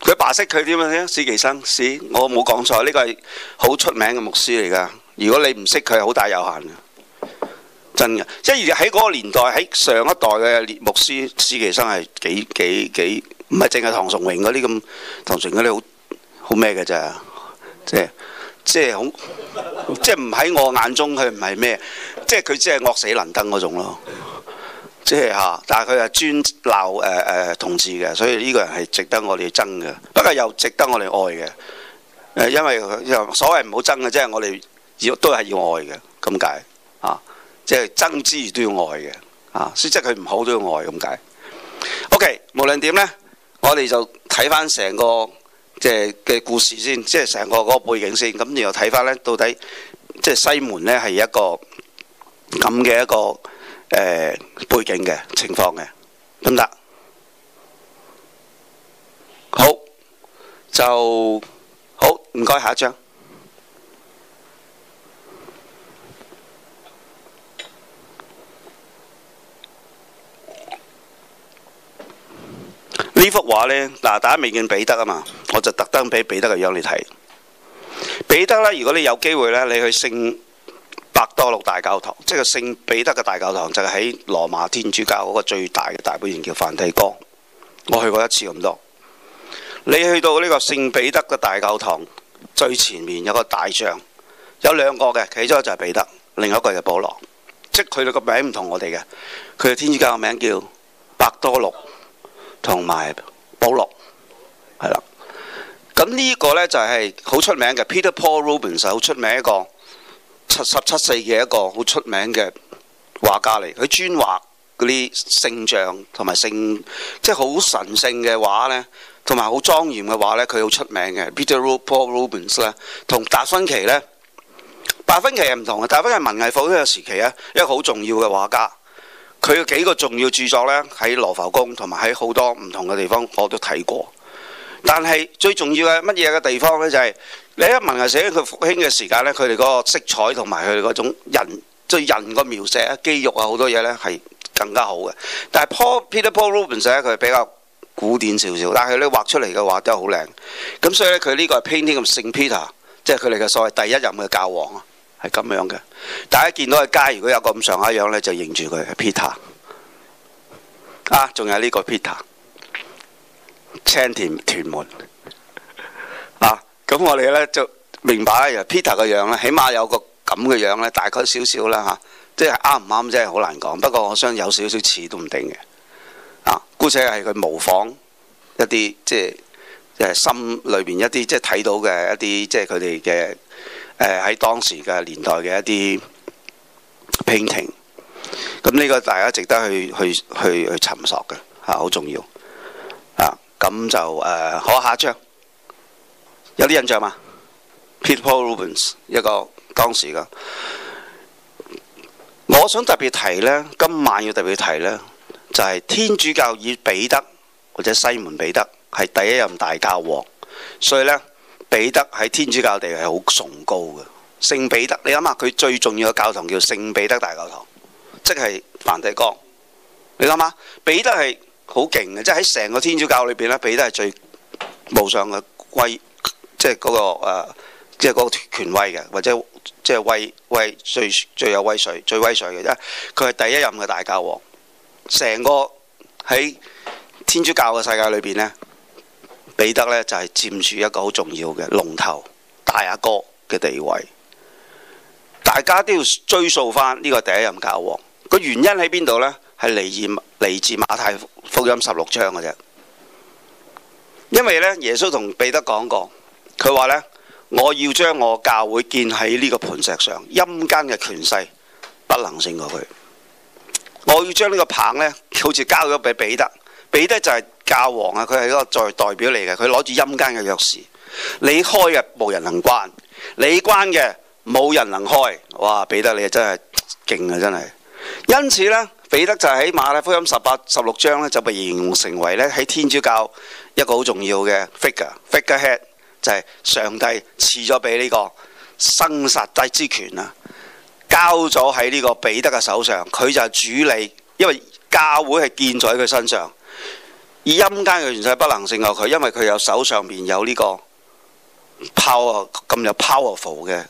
佢爸識佢點樣咧？史奇生，史，我冇講錯，呢個係好出名嘅牧師嚟噶。如果你唔識佢，好大有限嘅。真嘅，即係喺嗰個年代，喺上一代嘅牧師史奇生係幾幾幾，唔係淨係唐崇榮嗰啲咁，唐崇榮嗰啲好好咩嘅咋？即係即係好，即係唔喺我眼中，佢唔係咩？即係佢即係惡死能登嗰種咯。即係吓，但係，佢係專鬧誒誒同志嘅，所以呢個人係值得我哋憎嘅，不過又值得我哋愛嘅。誒、呃，因為因為所謂唔好憎嘅，即係我哋要都係要愛嘅，咁解啊？即係憎之餘都要愛嘅啊！即係佢唔好都要愛咁解。O、okay, K，無論點呢，我哋就睇返成個即係嘅故事先，即係成個嗰個背景先。咁然後睇返呢，到底即係西門呢係一個咁嘅一個。誒、呃、背景嘅情況嘅，得唔得？好就好，唔該，下一張。 幅畫呢幅畫咧，嗱，大家未見彼得啊嘛，我就特登俾彼得嘅樣你睇。彼得咧，如果你有機會咧，你去聖多禄大教堂，即係聖彼得嘅大教堂，就係喺羅馬天主教嗰個最大嘅大本營，叫梵蒂岡。我去過一次咁多。你去到呢個聖彼得嘅大教堂，最前面有個大像，有兩個嘅，其中一個就係彼得，另一個就係保羅，即係佢哋個名唔同我哋嘅。佢哋天主教嘅名叫伯多禄同埋保羅，係啦。咁呢個呢，就係、是、好出名嘅 Peter Paul Rubens，好出名一個。七十七世嘅一個好出名嘅畫家嚟，佢專畫嗰啲聖像同埋聖，即係好神聖嘅畫呢，同埋好莊嚴嘅畫呢，佢好出名嘅。Peter Paul Rubens 呢，同達芬奇呢。達芬奇係唔同嘅，達芬奇係文藝復興嘅時期啊，一個好重要嘅畫家。佢有幾個重要著作呢，喺羅浮宮同埋喺好多唔同嘅地方我都睇過。但係最重要嘅乜嘢嘅地方呢？就係、是。你一文係寫佢復興嘅時間咧，佢哋嗰個色彩同埋佢哋嗰種人，即係人嘅描寫啊，肌肉啊好多嘢咧係更加好嘅。但係 Paul Peter Paul Rubens 咧，佢比較古典少少，但係咧畫出嚟嘅畫都係好靚。咁所以咧佢呢個係 Painting 咁聖 Peter，即係佢哋嘅所謂第一任嘅教皇啊，係咁樣嘅。大家見到嘅街如果有個咁上下樣咧，就認住佢 Peter 啊，仲有呢個 Peter 青田屯門啊。咁我哋咧就明白 Peter 嘅樣咧，起碼有個咁嘅樣咧，大概少少啦嚇，即係啱唔啱即係好難講。不過我相信有少少似都唔定嘅，啊，姑且係佢模仿一啲即係誒心裏邊一啲即係睇到嘅一啲即係佢哋嘅誒喺當時嘅年代嘅一啲 painting。咁呢個大家值得去去去去，去尋索嘅嚇、啊啊呃，好重要啊！咁就誒，好下一張。有啲印象嘛？Peter Paul Rubens 一個當時嘅，我想特別提呢，今晚要特別提呢，就係、是、天主教以彼得或者西門彼得係第一任大教皇，所以呢，彼得喺天主教地位係好崇高嘅。聖彼得，你諗下佢最重要嘅教堂叫聖彼得大教堂，即係梵蒂岡。你諗下彼得係好勁嘅，即係喺成個天主教裏邊咧，彼得係最無上嘅貴。即係嗰、那個、呃、即係嗰個權威嘅，或者即係威威最最有威水、最威水嘅，因佢係第一任嘅大教皇。成個喺天主教嘅世界裏邊呢，彼得呢就係、是、佔住一個好重要嘅龍頭大阿哥嘅地位。大家都要追溯翻呢個第一任教皇個原因喺邊度呢？係嚟自嚟自馬太福音十六章嘅啫，因為呢，耶穌同彼得講過。佢話呢，我要將我教會建喺呢個磐石上，陰間嘅權勢不能勝過佢。我要將呢個棒呢，好似交咗俾彼得，彼得就係教皇啊，佢係一個在代表嚟嘅，佢攞住陰間嘅鑰匙，你開嘅冇人能關，你關嘅冇人能開。哇！彼得你真係勁啊，真係。因此呢，彼得就喺馬太福音十八十六章呢，就被形容成為呢喺天主教一個好重要嘅 fig figure，figurehead。就係上帝賜咗俾呢個生殺之之權啊，交咗喺呢個彼得嘅手上，佢就係主理，因為教會係建在佢身上，而陰間嘅元帥，不能勝過佢，因為佢有手上邊，有呢個 power 咁有 powerful 嘅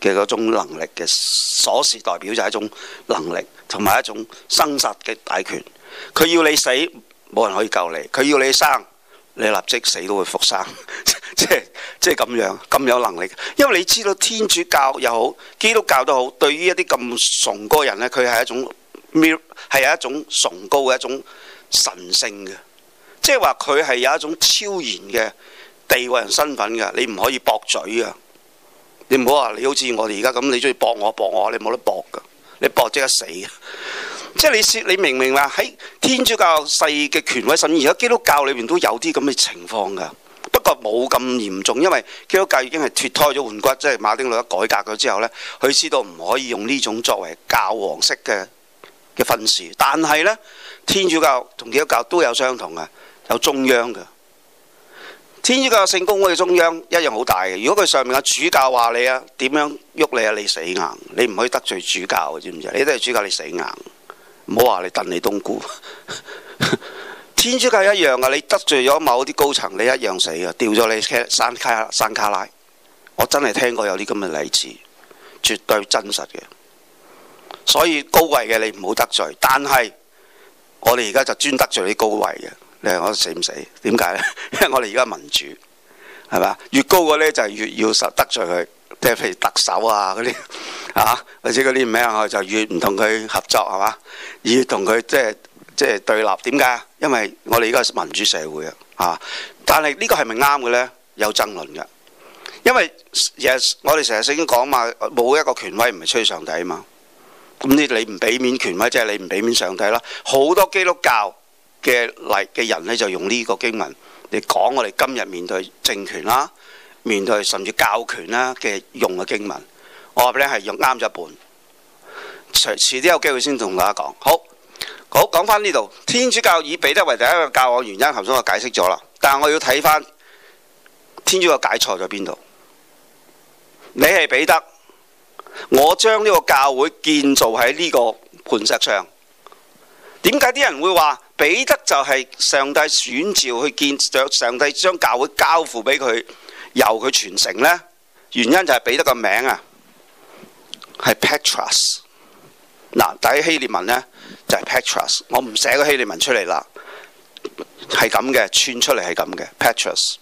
嘅種能力嘅鎖匙，代表就係一種能力同埋一種生殺嘅大權，佢要你死，冇人可以救你；佢要你生。你立即死都會復生， 即係即係咁樣咁有能力。因為你知道天主教又好，基督教都好，對於一啲咁崇高人咧，佢係一種瞄，係有一種崇高嘅一種神聖嘅。即係話佢係有一種超然嘅地位人身份嘅，你唔可以駁嘴啊！你唔好話你好似我哋而家咁，你中意駁我駁我，你冇得駁噶，你駁即刻死。即係你說你明明話喺天主教勢嘅權威上面，而家基督教裏面都有啲咁嘅情況㗎，不過冇咁嚴重，因為基督教已經係脫胎咗換骨，即係馬丁路德改革咗之後呢，佢知道唔可以用呢種作為教皇式嘅嘅分事。但係呢，天主教同基督教都有相同嘅，有中央嘅。天主教聖公會嘅中央一樣好大嘅。如果佢上面嘅主教話你啊，點樣喐你啊？你死硬，你唔可以得罪主教，知唔知？你得罪主教，你死硬。唔好話你燉你冬菇， 天主教一樣啊。你得罪咗某啲高層，你一樣死啊。掉咗你山卡山卡拉。我真係聽過有啲咁嘅例子，絕對真實嘅。所以高位嘅你唔好得罪，但係我哋而家就專得罪啲高位嘅，你話我死唔死？點解呢？ 因為我哋而家民主，係嘛？越高嘅呢就係越要得罪佢，即係譬如特首啊嗰啲。啊，或者嗰啲咩，我就越唔同佢合作，係嘛？越同佢即係即係對立。點解？因為我哋依家係民主社會啊。嚇！但係呢個係咪啱嘅呢？有爭論嘅。因為其實，yes, 我哋成日先講嘛，冇一個權威唔係吹上帝啊嘛。咁你你唔俾面權威，即係你唔俾面上帝啦。好多基督教嘅嚟嘅人呢，就用呢個經文你講我哋今日面對政權啦，面對甚至教權啦嘅用嘅經文。我咧係用啱咗一半，除遲啲有機會先同大家講。好，好講翻呢度。天主教以彼得為第一個教皇原因，頭先我解釋咗啦。但係我要睇翻天主教解錯咗邊度？你係彼得，我將呢個教會建造喺呢個磐石上。點解啲人會話彼得就係上帝選召去建造，上帝將教會交付俾佢，由佢傳承呢？原因就係彼得個名啊！係 Petras 嗱，第一希列文呢，就係、是、Petras。我唔寫個希列文出嚟啦，係咁嘅，串出嚟係咁嘅 Petras。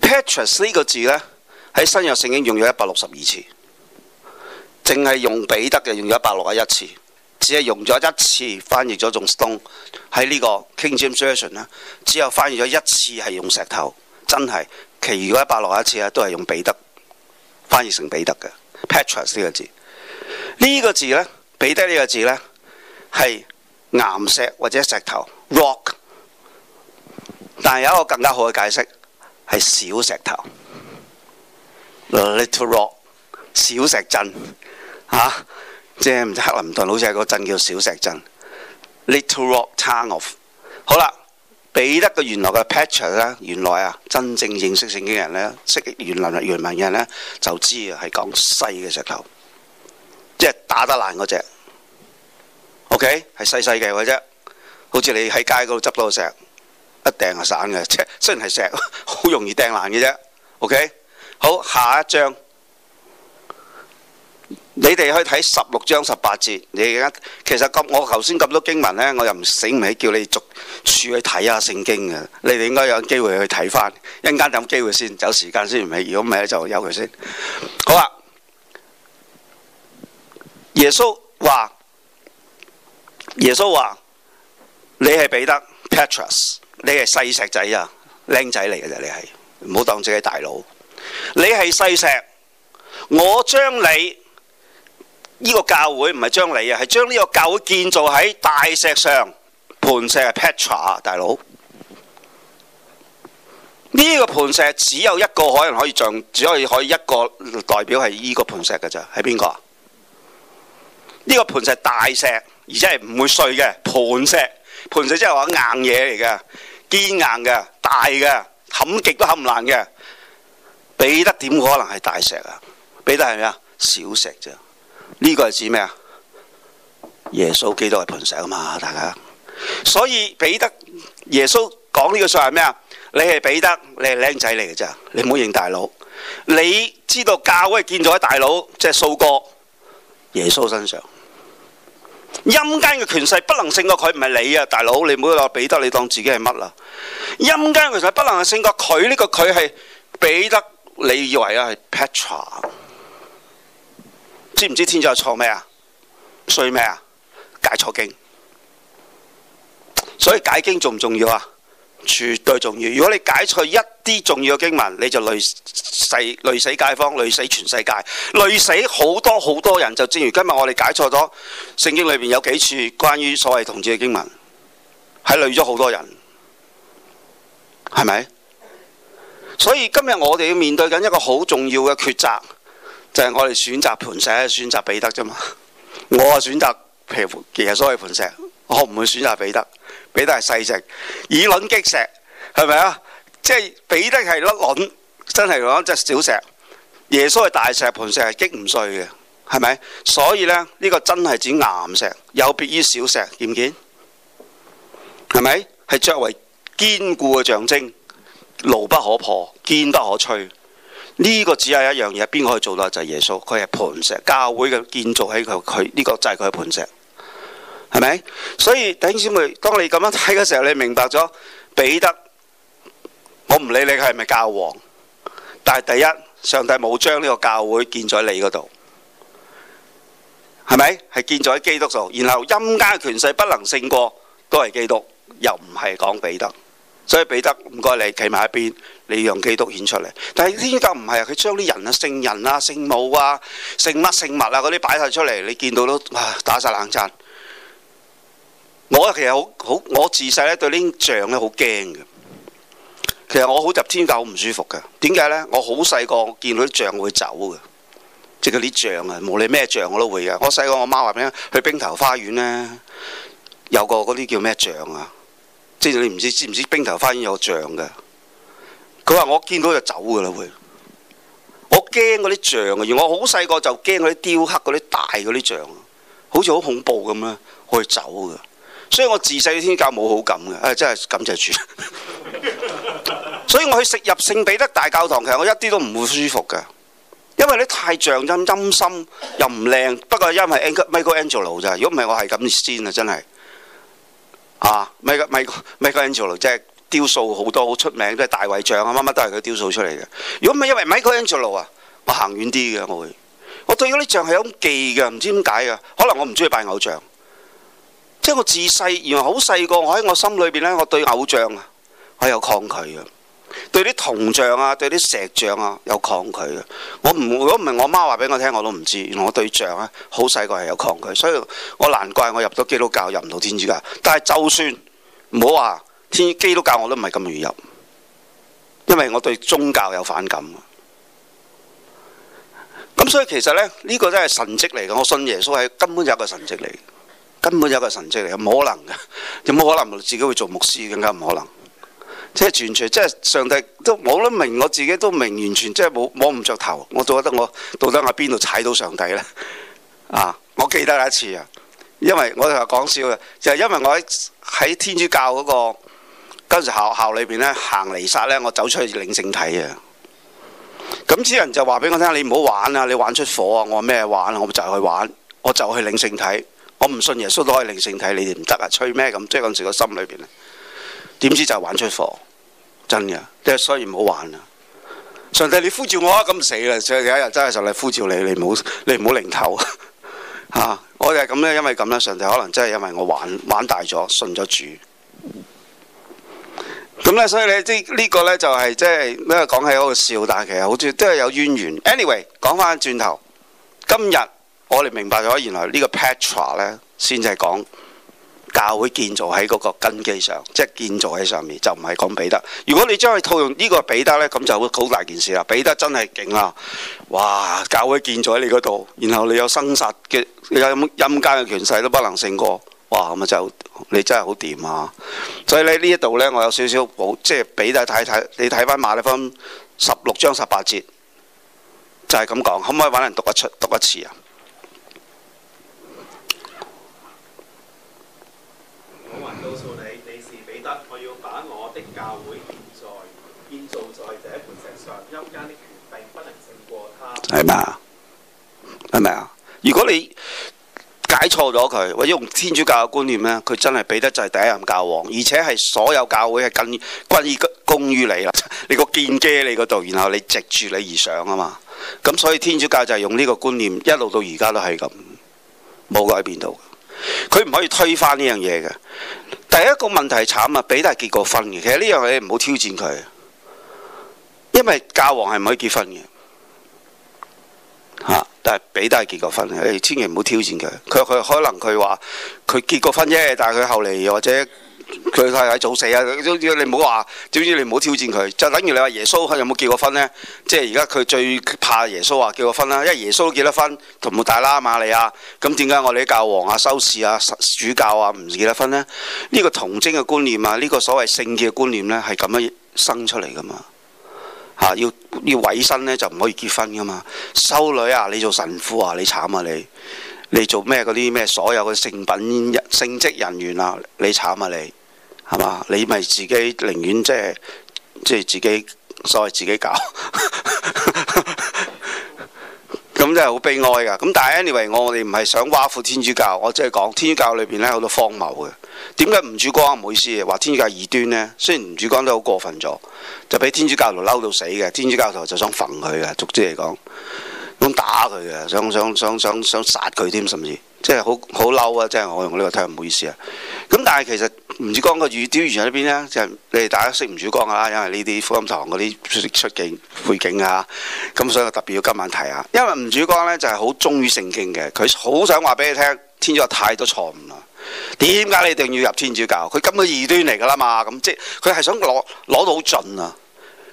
Petras 呢 Pet 個字呢，喺新約聖經用咗一百六十二次，淨係用彼得嘅用咗一百六啊一次，只係用咗一次，翻譯咗仲 stone 喺呢個 King James Version 呢，只有翻譯咗一次係用石頭，真係其餘嗰一百六啊一次啊都係用彼得翻譯成彼得嘅。Petrus 呢個字，呢、這個字呢，彼得呢個字呢，係岩石或者石頭 rock，但係有一個更加好嘅解釋係小石頭 little rock 小石鎮吓、啊？即係唔知克林頓好似係個鎮叫小石鎮 little rock town of，好啦。彼得嘅原來嘅 patcher 咧，原來啊真正認識聖經嘅人咧，識越南人、原文嘅人咧，就知啊係講細嘅石頭，即係打得爛嗰隻。OK，係細細嘅嗰啫，好似你喺街嗰度執到嘅石，一掟就散嘅。即雖然係石，好 容易掟爛嘅啫。OK，好，下一張。你哋去睇十六章十八節，你而家其實咁，我頭先咁多經文呢，我又唔醒唔起叫你逐處去睇下聖經嘅，你哋應該有機會去睇翻，一陣間有機會先，有時間先唔起，如果唔係就由佢先。好啦，啊，耶穌話：耶穌話你係彼得 Patras，你係細石仔啊，靚仔嚟嘅咋，你係唔好當自己大佬，你係細石，我將你。呢個教會唔係將你啊，係將呢個教會建造喺大石上。磐石，Petra，大佬，呢個磐石只有一個可能可以像，只可以可以一個代表係呢個磐石嘅啫，係邊個？呢個磐石大石，而且係唔會碎嘅磐石。磐石即係話硬嘢嚟嘅，堅硬嘅，大嘅，冚極都冚唔爛嘅。彼得點可能係大石啊？彼得係咩啊？小石啫。呢個係指咩啊？耶穌基督係磐石啊嘛，大家。所以彼得耶穌講呢個說話係咩啊？你係彼得，你係靚仔嚟嘅咋。你唔好認大佬。你知道教會係建喺大佬，即係蘇哥耶穌身上。陰間嘅權勢不能勝過佢，唔係你啊，大佬，你唔好話彼得，你當自己係乜啦？陰間嘅權勢不能勝過佢呢，這個，佢係彼得，你以為啊係 Petra？知唔知天主係錯咩啊？衰咩啊？解錯經，所以解經重唔重要啊？絕對重要！如果你解錯一啲重要嘅經文，你就累死累死街坊，累死全世界，累死好多好多人。就正如今日我哋解錯咗聖經裏邊有幾處關於所謂同志嘅經文，係累咗好多人，係咪？所以今日我哋要面對緊一個好重要嘅抉擇。就係我哋選擇磐石，就是、選擇彼得啫嘛。 我啊選擇其實所謂磐石，我唔會選擇彼得。彼得係細石，以卵擊石，係咪啊？即、就、係、是、彼得係粒卵，真係講只小石。耶穌係大石，磐石係擊唔碎嘅，係咪？所以呢、呢、這個真係指岩石，有別於小石，見唔見？係咪？係作為堅固嘅象徵，牢不可破，堅不可摧。呢個只係一樣嘢，邊個可以做到就係、是、耶穌，佢係磐石，教會嘅建造喺佢，佢、這、呢個就係佢嘅磐石，係咪？所以弟兄姊妹，當你咁樣睇嘅時候，你明白咗彼得，我唔理你係咪教皇，但係第一，上帝冇將呢個教會建咗喺你嗰度，係咪？係建咗喺基督度，然後陰間權勢不能勝過，都係基督，又唔係講彼得，所以彼得唔該你企埋一邊。你用基督演出嚟，但係天教唔係啊！佢將啲人啊、聖人啊、聖母啊、聖物、聖物啊嗰啲，啊啊啊、擺晒出嚟，你見到都哇打晒冷顫。我其實好好，我自細咧對呢啲像咧好驚嘅。其實我好入天教，好唔舒服噶。點解咧？我好細個見到啲像會走噶，即係啲像啊，冇理咩像我都會啊。我細個我媽話俾我聽，去冰頭花園咧有個嗰啲叫咩像啊？即係你唔知知唔知冰頭花園有像嘅？佢話：我見到就走噶啦，佢。我驚嗰啲像啊，而我好細個就驚嗰啲雕刻嗰啲大嗰啲像，好似好恐怖咁啦，我走噶。所以我自細天教冇好感嘅，誒真係感謝主。所以我去食入聖彼得大教堂，其實我一啲都唔會舒服嘅，因為你太像咗，陰森又唔靚。不過因為 a Michael Angelo 咋，如果唔係我係咁先啊，真係啊，Michael Michael Angelo 即係。雕塑好多好出名嘅大衛像啊，乜乜都係佢雕塑出嚟嘅。如果唔係因為 Michael Angelo 啊，我行遠啲嘅我會。我對嗰啲像係咁記嘅，唔知點解嘅。可能我唔中意拜偶像，即係我自細，原來好細個，我喺我心裏邊咧，我對偶像啊，我有抗拒嘅。對啲銅像啊，對啲石像啊，有抗拒嘅。我唔，如果唔係我媽話俾我聽，我都唔知。原來我對像啊，好細個係有抗拒，所以我難怪我入到基督教入唔到天主教。但係就算唔好話。天主基督教我都唔係咁容易入，因為我對宗教有反感。咁所以其實呢，呢、呢個真係神蹟嚟嘅。我信耶穌係根本有一個神蹟嚟，根本有一個神蹟嚟，冇可能嘅，有 冇可能自己會做牧師更加唔可能。即係完全，即、就、係、是、上帝都我都明，我自己都明，完全即係冇摸唔着頭。我到底得我到底我邊度踩到上帝呢？ 啊，我記得有一次啊，因為我哋話講笑嘅，就係、是、因為我喺喺天主教嗰、那個。嗰時校校裏邊咧行彌撒咧，我走出去領聖體啊！咁啲人就話俾我聽，你唔好玩啊，你玩出火啊！我咩玩啊？我就去玩，我就去領聖體，我唔信耶穌都可以領聖體，你哋唔得啊！吹咩咁？即係嗰陣時個心裏邊啊，點知就玩出火，真嘅，即係雖然唔好玩啊，上帝你呼召我啊，咁死啦！上有一日真係上帝呼召你，你唔好你唔好擰頭。我哋係咁咧，因為咁咧，上帝可能真係因為我玩玩大咗，信咗主。咁咧、嗯，所以咧，即、這個、呢個咧，就係即係咧，講起嗰度笑，但係其實好似都係有淵源。Anyway，講翻轉頭，今日我哋明白咗，原來個呢個 Petra 咧，先至係講教會建造喺嗰個根基上，即係建造喺上面，就唔係講彼得。如果你將佢套用呢個彼得咧，咁就好大件事啦。彼得真係勁啊！哇，教會建造喺你嗰度，然後你有生殺嘅，你有陰間嘅權勢都不能勝過。哇！咁啊真好，你真係好掂啊！所以咧呢一度呢，我有少少補，即係俾你睇睇。你睇翻馬利芬十六章十八節，就係咁講。可唔可以揾人讀一出，讀一次啊？我還告訴你，你是彼得，我要把我的教會建造在這磐石上，陰間的權柄不能勝過他。係咪？係咪啊？如果你解錯咗佢，或者用天主教嘅觀念呢，佢真係彼得就係第一任教皇，而且係所有教會係建基於你啦。你個根基喺你嗰度，然後你藉住你而上啊嘛。咁所以天主教就係用呢個觀念，一路到而家都係咁，冇改變到。佢唔可以推翻呢樣嘢嘅。第一個問題係慘啊，彼得係結過婚嘅。其實呢樣嘢唔好挑戰佢，因為教皇係唔可以結婚嘅。吓、嗯！但係彼得係結過婚嘅，你千祈唔好挑戰佢。佢，佢可能佢話佢結過婚啫，但係佢後嚟或者佢太太早死啊！你唔好話，點知你唔好挑戰佢。就等於你話耶穌有冇結過婚咧？即係而家佢最怕耶穌話結過婚啦，因為耶穌都結得婚，同抹大拉瑪利亞。咁點解我哋啲教皇啊、修士啊、主教啊唔結得婚咧？呢、這個童貞嘅觀念啊，呢、這個所謂聖潔嘅觀念咧，係咁樣生出嚟噶嘛？啊，要要委身咧就唔可以結婚㗎嘛，修女啊，你做神父啊，你慘啊你，你做咩嗰啲咩所有嘅聖品聖職人員啦、啊，你慘啊你，係嘛？你咪自己寧願即係即係自己所謂自己搞，咁 真係好悲哀㗎。咁但係 anyway，我我哋唔係想挖苦天主教，我即係講天主教裏邊咧好多荒謬嘅。點解吳主光唔好意思，話天主教異端咧？雖然吳主光都好過分咗，就俾天主教徒嬲到死嘅，天主教徒就想焚佢嘅，俗之嚟講，想打佢嘅，想想想想想殺佢添，甚至即係好好嬲啊！即係我用呢個聽唔好意思啊。咁但係其實吳主光個語調喺邊咧？就是，你哋大家識吳主光噶啦，因為呢啲福音堂嗰啲出境背景啊，咁所以我特別要今晚提下，因為吳主光咧就係、是、好忠於聖經嘅，佢好想話俾你聽，天主教太多錯誤啦。點解你一定要入天主教？佢根本異端嚟噶啦嘛，咁即係佢係想攞攞到好盡啊，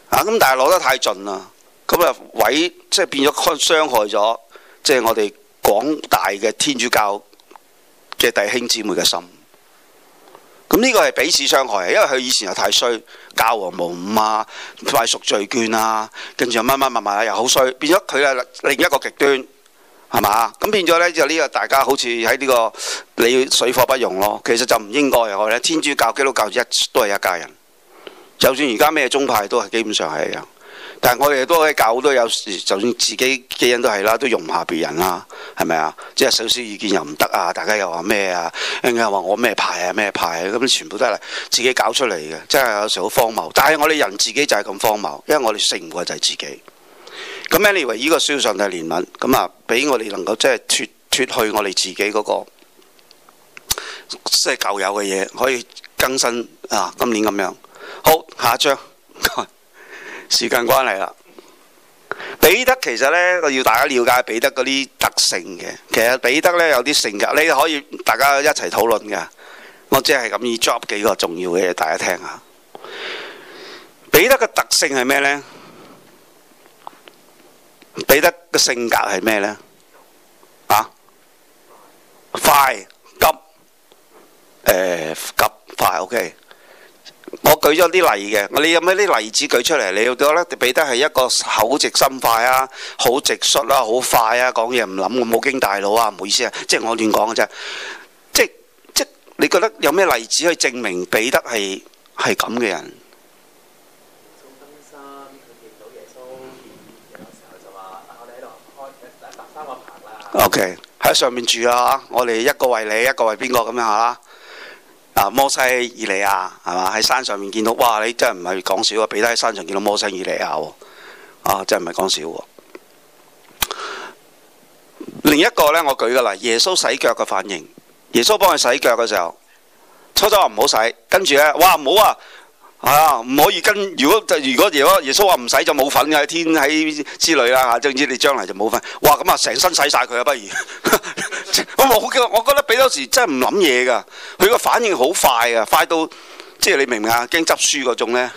啊咁但係攞得太盡啦，咁啊毀即係變咗傷害咗即係我哋廣大嘅天主教嘅弟兄姊妹嘅心，咁呢個係彼此傷害，因為佢以前又太衰，教皇無誤啊，拜贖罪券啊，跟住又乜乜乜乜又好衰，變咗佢係另一個極端。係嘛？咁變咗呢，就呢個大家好似喺呢個你水火不容咯。其實就唔應該嘅，我哋天主教、基督教一都係一家人。就算而家咩宗派都係基本上係一樣。但係我哋都可以搞，都有時就算自己基因都係啦，都容唔下別人啦，係咪啊？即係少少意見又唔得啊！大家又話咩啊？又話我咩派啊咩派啊？咁全部都係自己搞出嚟嘅，即係有時好荒謬。但係我哋人自己就係咁荒謬，因為我哋成個就係自己。咁 anyway 依個需要上帝憐憫，咁啊俾我哋能夠即係脫脫去我哋自己嗰、那個即係舊有嘅嘢，可以更新啊！今年咁樣，好下一章， 時間關係啦。彼得其實呢，我要大家了解彼得嗰啲特性嘅。其實彼得呢，有啲性格，你可以大家一齊討論嘅。我只係咁要 drop 幾個重要嘅嘢大家聽下。彼得嘅特性係咩呢？彼得嘅性格係咩呢？啊，快急，欸、急快 OK。我舉咗啲例嘅，我你有咩啲例子舉出嚟？你要覺得彼得係一個口直心快啊，好直率啊，好快啊，講嘢唔諗，我冇經大腦啊，唔好意思啊，即係我亂講嘅啫。即即你覺得有咩例子可以證明彼得係係咁嘅人？O K，喺上面住啊，我哋一個為你，一個為邊個咁樣吓啦。啊，摩西、以利亞係嘛？喺山上面見到，哇！你真係唔係講笑啊，俾得喺山上見到摩西、以利亞喎。啊，真係唔係講笑。另一個呢，我舉噶啦，耶穌洗腳嘅反應。耶穌幫佢洗腳嘅時候，初初話唔好洗，跟住呢，哇唔好啊！係啊，唔可以跟。如果就如果耶穌耶穌話唔使就冇份嘅天喺之類啦嚇，總之你將嚟就冇份。哇咁啊，成身洗晒佢啊，不如。我 冇我覺得彼得有時真係唔諗嘢㗎。佢個反應好快㗎，快到即係你明唔明啊？驚執輸嗰種咧，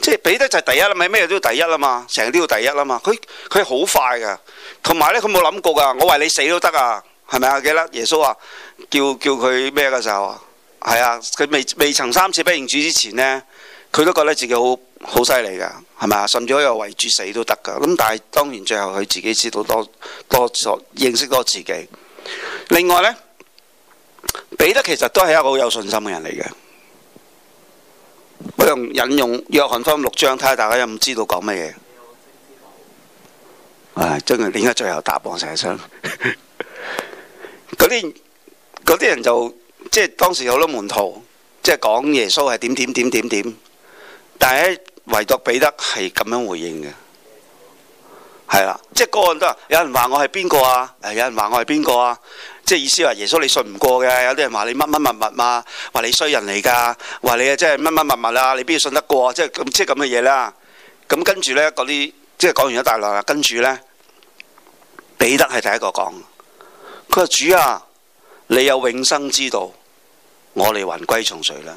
即係彼得就係第一啦，咪咩都要第一啦嘛，成日都要第一啦嘛。佢佢好快㗎，同埋咧佢冇諗過㗎。我為你死都得啊，係咪啊？記得耶穌話叫叫佢咩嘅時候啊？係啊，佢未未曾三次不認主之前咧。佢都覺得自己好好犀利噶，係咪？甚至可以為住死都得噶。咁但係當然最後佢自己知道多多所認識多自己。另外呢，彼得其實都係一個好有信心嘅人嚟嘅。不用引用約翰福音六章，睇下大家有唔知道講乜嘢。唉，真係點解最後答案成日上？啲嗰啲人就，即係當時有好多門徒，即係講耶穌係點點點點點。但係，唯獨彼得係咁樣回應嘅，係啦，即係個個都有人話我係邊個啊？有人話我係邊個啊？即係意思話耶穌你信唔過嘅？有啲人話你乜乜物物嘛，話你衰人嚟噶，話你啊，即係乜乜物物啊？你邊度信得過？即係咁，即係咁嘅嘢啦。咁跟住呢嗰啲即係講完一大輪啦。跟住呢，呢，彼得係第一個講，佢話主啊，你有永生之道，我哋還歸從誰啦。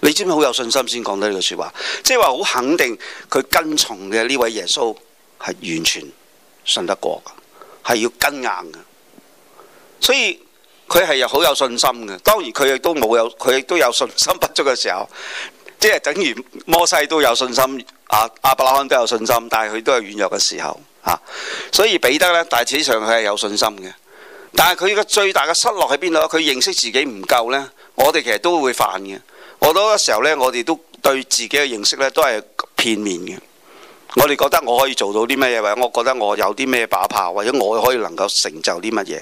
你知唔知好有信心先講得呢句說話？即係話好肯定佢跟從嘅呢位耶穌係完全信得過嘅，係要跟硬嘅。所以佢係好有信心嘅。當然佢亦都冇有，佢亦都有信心不足嘅時候，即係等於摩西都有信心，阿阿伯拉罕都有信心，但係佢都有軟弱嘅時候吓、啊。所以彼得咧，大致上佢係有信心嘅。但係佢嘅最大嘅失落喺邊度？佢認識自己唔夠呢，我哋其實都會犯嘅。好多時候呢，我哋都對自己嘅認識呢都係片面嘅。我哋覺得我可以做到啲乜嘢，或者我覺得我有啲咩把炮，或者我可以能夠成就啲乜嘢。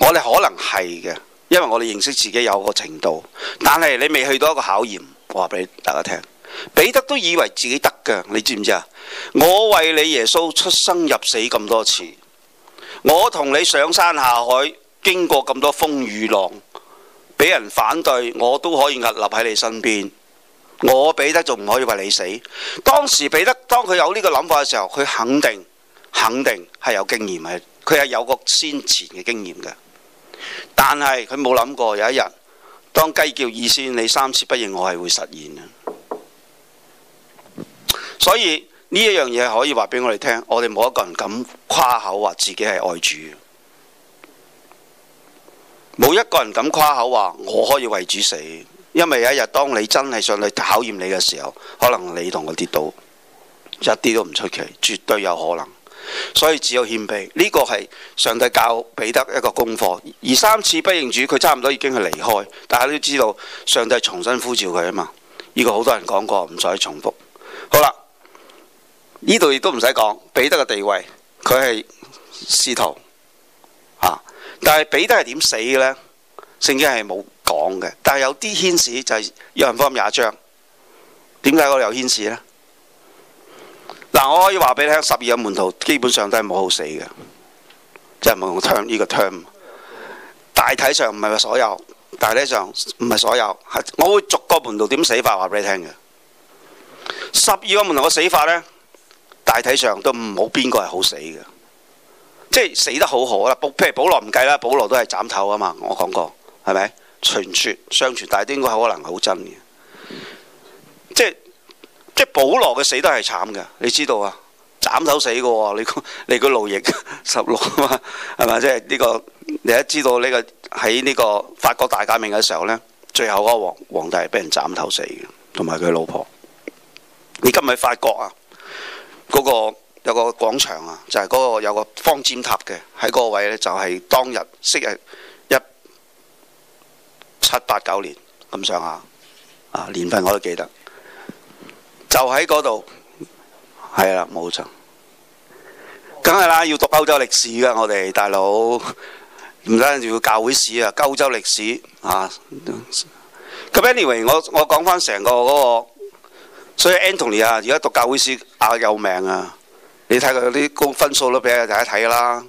我哋可能係嘅，因為我哋認識自己有個程度。但係你未去到一個考驗，我話俾大家聽，彼得都以為自己得嘅，你知唔知啊？我為你耶穌出生入死咁多次，我同你上山下海，經過咁多風雨浪。俾人反對，我都可以屹立喺你身邊。我彼得仲唔可以為你死？當時彼得，當佢有呢個諗法嘅時候，佢肯定肯定係有經驗嘅，佢係有個先前嘅經驗嘅。但係佢冇諗過有一日，當雞叫二聲，你三次不認，我係會實現嘅。所以呢一樣嘢可以話俾我哋聽，我哋冇一個人敢誇口話自己係愛主。冇一個人敢誇口話我可以為主死，因為有一日當你真係上去考驗你嘅時候，可能你同佢跌倒，一啲都唔出奇，絕對有可能。所以只有謙卑，呢個係上帝教彼得一個功課。而三次不認主，佢差唔多已經係離開，大家都知道上帝重新呼召佢啊嘛。呢個好多人講過，唔使重複。好啦，呢度亦都唔使講彼得嘅地位，佢係使徒。但係彼得係點死嘅呢？聖經係冇講嘅，但係有啲 hint 就係、是、約翰福音廿章，點解嗰度有 hint 呢？嗱，我可以話俾你聽，十二個門徒基本上都係冇好死嘅，即係冇用 term 呢個 term，大體上唔係話所有，大體上唔係所有，我會逐個門徒點死法話俾你聽嘅。十二個門徒嘅死法呢，大體上都唔冇邊個係好死嘅。即係死得好好啦，譬如保羅唔計啦，保羅都係斬頭啊嘛，我講過係咪？傳說、相傳，但係都應該可能好真嘅。即係即係保羅嘅死都係慘嘅，你知道啊？斬頭死嘅、哦，你你佢路易十六啊嘛，係咪？即係呢、呢個你一知道呢、呢個喺呢個法國大革命嘅時候呢，最後嗰個皇皇帝係俾人斬頭死嘅，同埋佢老婆。你今日法國啊，嗰、嗰個。有個廣場啊,就係嗰個有個方尖塔嘅喺嗰位呢，就係當日昔日一七八九年咁上下啊，年份我都記得，就喺嗰度係啦，冇錯，梗係啦，要讀歐洲歷史噶，我哋大佬唔單止要教會史啊，歐洲歷史啊。咁 anyway，我我講翻成個嗰個，所以 Anthony 啊，而家讀教會史啊有命啊！你睇佢啲高分數都俾啊大家睇噶啦，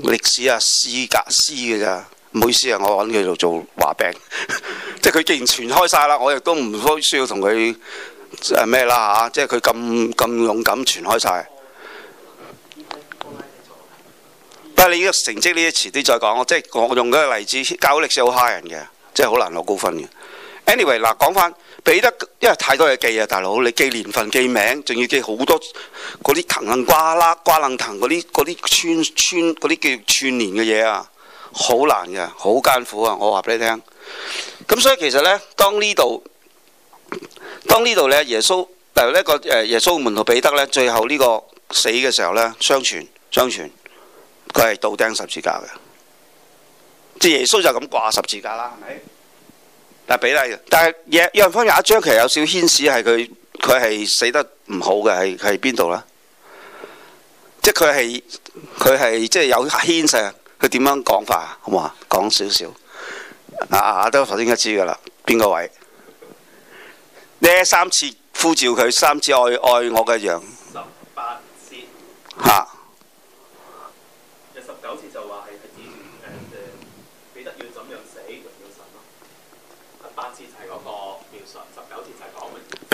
歷史啊斯格斯嘅咋，唔好意思啊，我揾佢度做話柄，即係佢既然傳開曬啦，我亦都唔需需要同佢誒咩啦嚇，即係佢咁咁勇敢傳開曬。不過你依家成績呢啲遲啲再講，即係我用嗰個例子教歷史好蝦人嘅，即係好難攞高分嘅。anyway 嗱，講翻。彼得，因為太多嘢記啊，大佬，你記年份、記名，仲要記好多嗰啲藤藤瓜啦、瓜藤藤嗰啲、啲串串啲叫串聯嘅嘢啊，好難嘅，好艱苦啊！我話俾你聽。咁所以其實呢，當呢度，當呢度呢，耶穌例如呢個耶穌嘅門徒彼得呢，最後呢個死嘅時候呢，相傳相傳，佢係倒釘十字架嘅，即係耶穌就咁掛十字架啦，係咪？嗱比例嘅，但係楊楊方有一章其實有少少牽使，係佢佢係死得唔好嘅，係喺邊度啦？即係佢係佢係即係有牽扯，佢點樣講法？好唔好啊？講少少，阿阿德頭先已經知㗎啦，邊個位？呢三次呼召佢三次愛愛我嘅羊十八節嚇。啊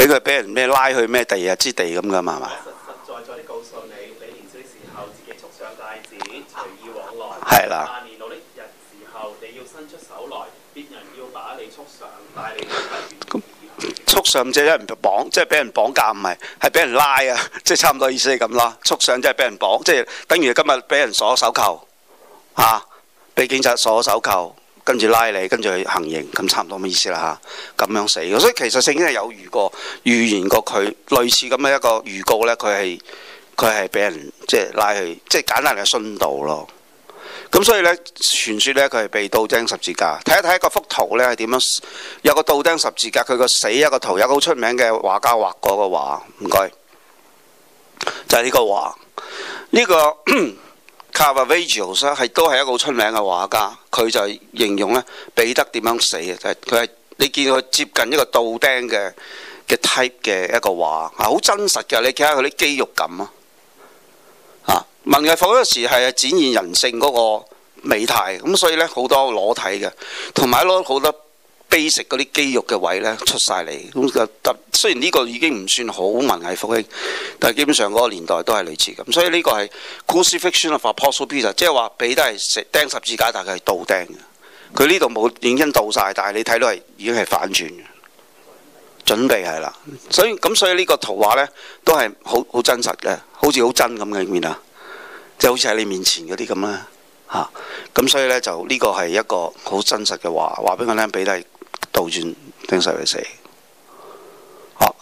俾佢俾人咩拉去咩地獄之地咁噶嘛？係嘛？實實在在地告訴你，你年少的時候自己束上帶子，隨意往來。係啦。但係年老嘅時候，你要伸出手來，別人要把你束上帶你。束上即係俾人綁，即係俾人綁架，唔係係俾人拉啊！即係差唔多意思咁咯。束上即係俾人綁，即係等於今日俾人鎖手扣啊！俾警察鎖手扣。跟住拉你，跟住去行刑，咁差唔多咁嘅意思啦吓，咁樣死。所以其實聖經係有預過、預言過佢類似咁嘅一個預告呢，佢係佢係俾人即係拉去，即係簡單嚟嘅殉道咯。咁所以呢，傳說呢，佢係被倒釘十字架。睇一睇一個幅圖咧，係點樣有個倒釘十字架？佢個死一個圖，有個好出名嘅畫家畫過個畫，就是，個畫，唔該，就係呢個畫，呢個。 Caravaggio 係都係一個出名嘅畫家，佢就形容咧彼得點樣死嘅，就係佢係，你見佢接近一個倒釘嘅嘅 type 嘅一個畫，啊好真實嘅，你睇下佢啲肌肉感啊！啊，文藝復興時係展現人性嗰個美態，咁所以咧好多裸體嘅，同埋攞好多。碑食嗰啲肌肉嘅位咧出晒嚟，咁個雖然呢個已經唔算好文藝復興，但係基本上嗰個年代都係類似咁，所以呢個係 crucifixion of Apostle Peter 即係話彼得係釘十字架，但係佢係倒釘嘅，佢呢度冇已經倒晒，但係你睇到係已經係反轉嘅準備係啦，所以咁所以呢個圖畫咧都係好好真實嘅，好似好真咁嘅面啊，即係好似喺你面前嗰啲咁啦吓，咁所以咧就呢個係一個好真實嘅話話俾我聽，彼得係。倒轉，頂死佢死，啊。好，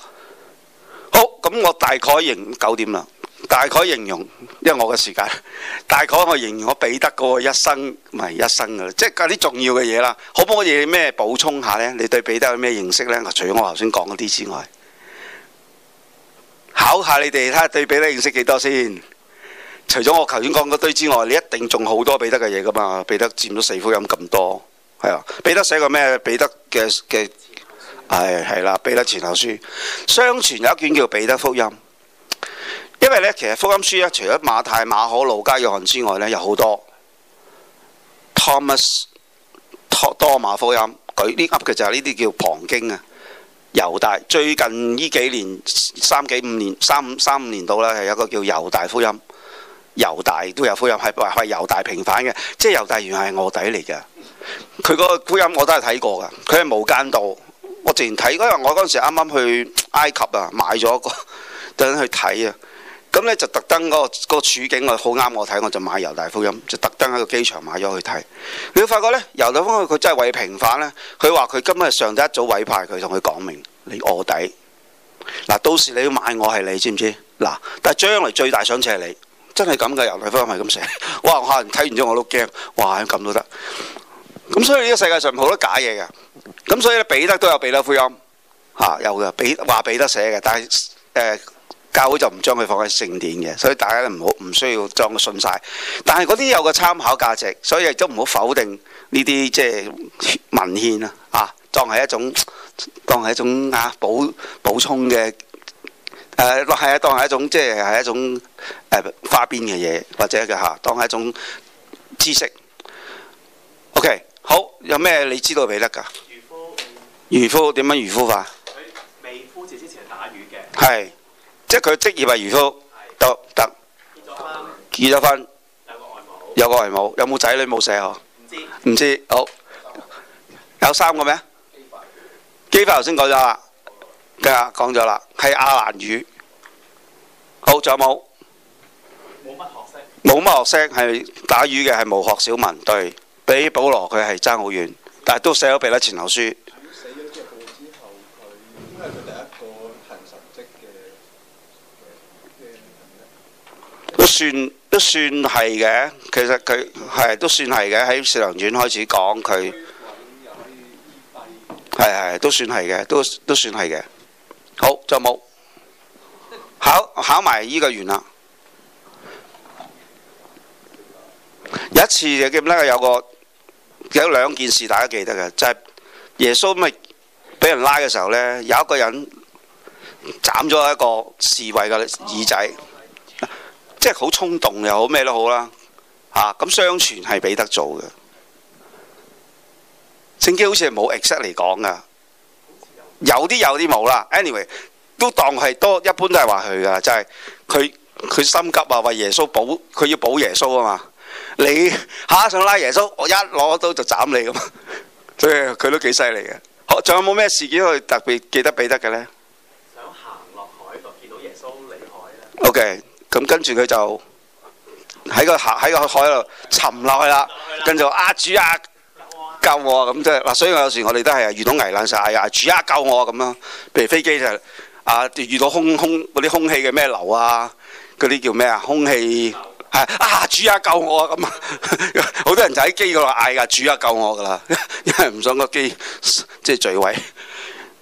好咁，我大概形九點啦。大概形容，因為我嘅時間，大概我形容我彼得嗰個一生，唔係一生噶啦，即係啲重要嘅嘢啦。可唔可以咩補充下呢？你對彼得有咩認識呢？除咗我頭先講嗰啲之外，考下你哋睇下對彼得認識幾多先？除咗我頭先講嗰堆之外，你一定仲好多彼得嘅嘢噶嘛？彼得佔咗四福音咁多，係啊，彼得寫過咩？彼得嘅嘅，係係啦，彼得、哎、前後書，相傳有一卷叫彼得福音。因為咧，其實福音書咧，除咗馬太、馬可、路加、約翰之外咧，有好多 Thomas 多，多馬福音。佢呢噏嘅就係呢啲叫旁經啊。猶大最近呢幾年三幾五年三五三五年度啦，係一個叫猶大福音。猶大都有福音，係係猶大平反嘅，即係猶大原來係臥底嚟嘅。佢個福音我都係睇過噶，佢係無間道。我之然睇因為，我嗰陣時啱啱去埃及啊，買咗個等去睇啊。咁呢、那個，就特登嗰個嗰個處境啊，好啱我睇，我就買猶大福音。就特登喺個機場買咗去睇，你會發覺呢，猶大福音佢真係為平反呢。佢話佢今日上晝一早委派佢同佢講明，你卧底嗱，到時你要買我係你知唔知嗱？但係將來最大想賜你，真係咁噶。猶大福音係咁寫，哇！我睇完咗我都驚，哇！咁都得。咁所以呢個世界上好多假嘢嘅，咁所以咧彼得都有彼得福音，嚇、啊、有嘅，彼得話彼得寫嘅，但係誒、呃、教會就唔將佢放喺聖典嘅，所以大家都唔好唔需要將佢信晒。但係嗰啲有個參考價值，所以亦都唔好否定呢啲即係文獻啊，嚇當係一種當係一種啊補補充嘅，誒係啊當係一種即係係一種誒、啊、花邊嘅嘢，或者嘅嚇、啊、當係一種知識。好，有咩你知道彼得㗎？漁夫點樣漁夫法？佢未夫字之前打魚嘅。係，即係佢職業係漁夫。得得。結咗婚。有個外母。有個外母。有冇仔女冇寫呵？唔知。唔知。好。有三個咩？機發頭先講咗啦。家下講咗啦，係阿蘭語。好，仲有冇？冇乜學識。冇乜學識係打魚嘅，係無學小民對。.俾保羅佢係爭好遠，但係都寫咗彼得前後書。都算都算係嘅。其實佢係都算係嘅。喺四良院開始講佢，係係都算係嘅，都都算係嘅。好就冇， 考考埋依個完啦。 有一次就記，記得有個。有兩件事大家記得嘅，就係、是、耶穌咪俾人拉嘅時候呢，有一個人斬咗一個侍衛嘅耳仔，哦哦哦、即係好衝動又好咩都好啦嚇。咁、啊、相傳係彼得做嘅，聖經好似係冇 exactly 嚟講噶，有啲有啲冇啦。anyway 都當係都一般都係話佢噶，就係佢佢心急啊，為耶穌保佢要保耶穌啊嘛。你嚇、啊、想拉耶穌，我一攞刀就斬你咁。所以佢都幾犀利嘅。好、嗯，仲、 欸、有冇咩事件佢特別記得彼得嘅咧？想行落海度見到耶穌離海啦。O K，咁跟住佢就喺個行喺個海度沉落去啦。跟住阿、啊、主啊救我咁即係嗱，所以我有時我哋都係遇到危難晒。哎、啊、主啊救我咁、啊、咯。譬如飛機就係、啊遇到空空嗰啲空,空氣嘅咩流啊，嗰啲叫咩啊空氣。係啊！主啊，救我啊！咁啊，好多人就喺機嗰度嗌噶，主啊，救我噶啦，因為唔想個機即係墜毀。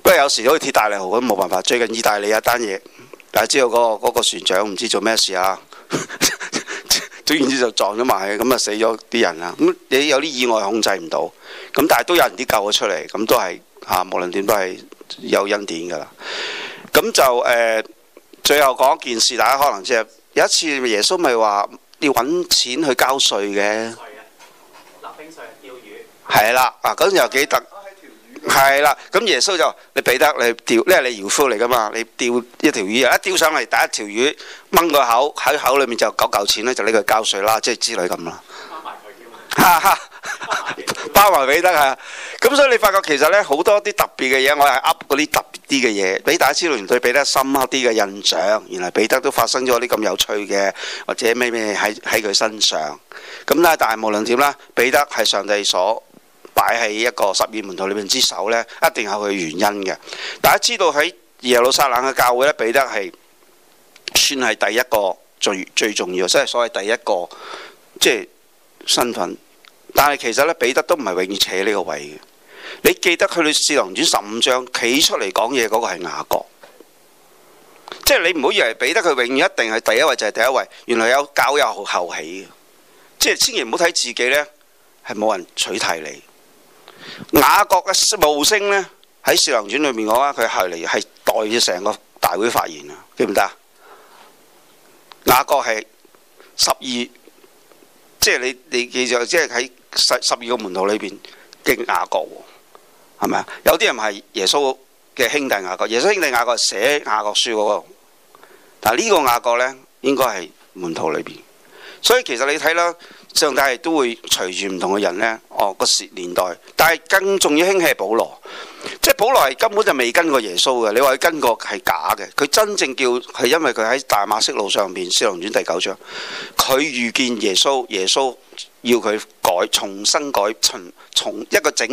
不過有時好似鐵達尼號，都冇辦法。最近意大利一單嘢，大家知道嗰、那個、那個船長唔知做咩事啊，總 之就撞咗埋嘅，咁啊死咗啲人啦。咁你有啲意外控制唔到，咁但係都有人啲救咗出嚟，咁都係吓、啊，無論點都係有恩典噶啦。咁就誒、呃，最後講一件事，大家可能即係。有一次耶穌咪話要揾錢去交稅嘅，係啊，立冰水釣魚係啦，嗱，咁又幾特，係啦，咁耶穌就你彼得你釣，呢係你漁夫嚟噶嘛，你釣一條魚啊，一釣上嚟第一條魚掹個口喺口裏面就九嚿錢咧，就拎去交稅啦，即係之類咁啦。嗯哈哈， 包埋彼得啊！咁所以你發覺其實呢好多啲特別嘅嘢，我係噏嗰啲特別啲嘅嘢，俾大家知道，佢彼得深刻啲嘅印象。原來彼得都發生咗啲咁有趣嘅，或者咩咩喺喺佢身上。咁呢，但係無論點呢，彼得係上帝所擺喺一個十二門徒裏面之首呢，一定有佢原因嘅。大家知道喺耶路撒冷嘅教會呢，彼得係算係第一個最最重要，即係所謂第一個即係身份。但係其實呢，彼得都唔係永遠扯呢個位嘅。你記得佢《使徒行傳》十五章企出嚟講嘢嗰個係雅各，即係你唔好以為彼得佢永遠一定係第一位就係第一位。原來有教友後起，即係千祈唔好睇自己呢，係冇人取替你。雅各嘅無聲呢，喺《使徒行傳》裏面講啊，佢係嚟係代住成個大會發言啊，記唔得啊？雅各係十二。即係你，你記住即係喺十十二個門徒裏邊嘅雅各，係咪啊？有啲人係耶穌嘅兄弟雅各，耶穌兄弟雅各寫雅各書嗰個，但係呢個雅各呢應該係門徒裏邊。所以其實你睇啦，上帝都會隨住唔同嘅人呢。哦、這個時年代，但係更重要興起係保羅。即係保羅根本就未跟過耶穌嘅，你話佢跟過係假嘅，佢真正叫係因為佢喺大馬色路上邊，使徒行傳第九章，佢遇見耶穌，耶穌要佢改重新改從從一個整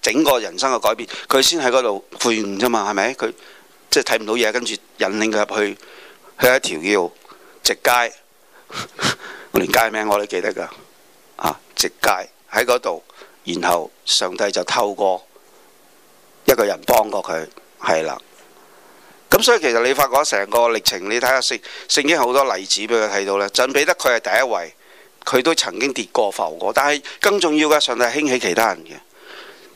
整個人生嘅改變，佢先喺嗰度悔悟啫嘛，係咪？佢即係睇唔到嘢，跟住引領佢入去去一條叫直街， 連街名我都記得噶，啊，直街喺嗰度，然後上帝就透過。一個人幫過佢，係啦。咁、嗯、所以其實你發覺成個歷程，你睇下聖聖經好多例子俾佢睇到咧。就彼得佢係第一位，佢都曾經跌過浮過，但係更重要嘅，上帝興起其他人嘅。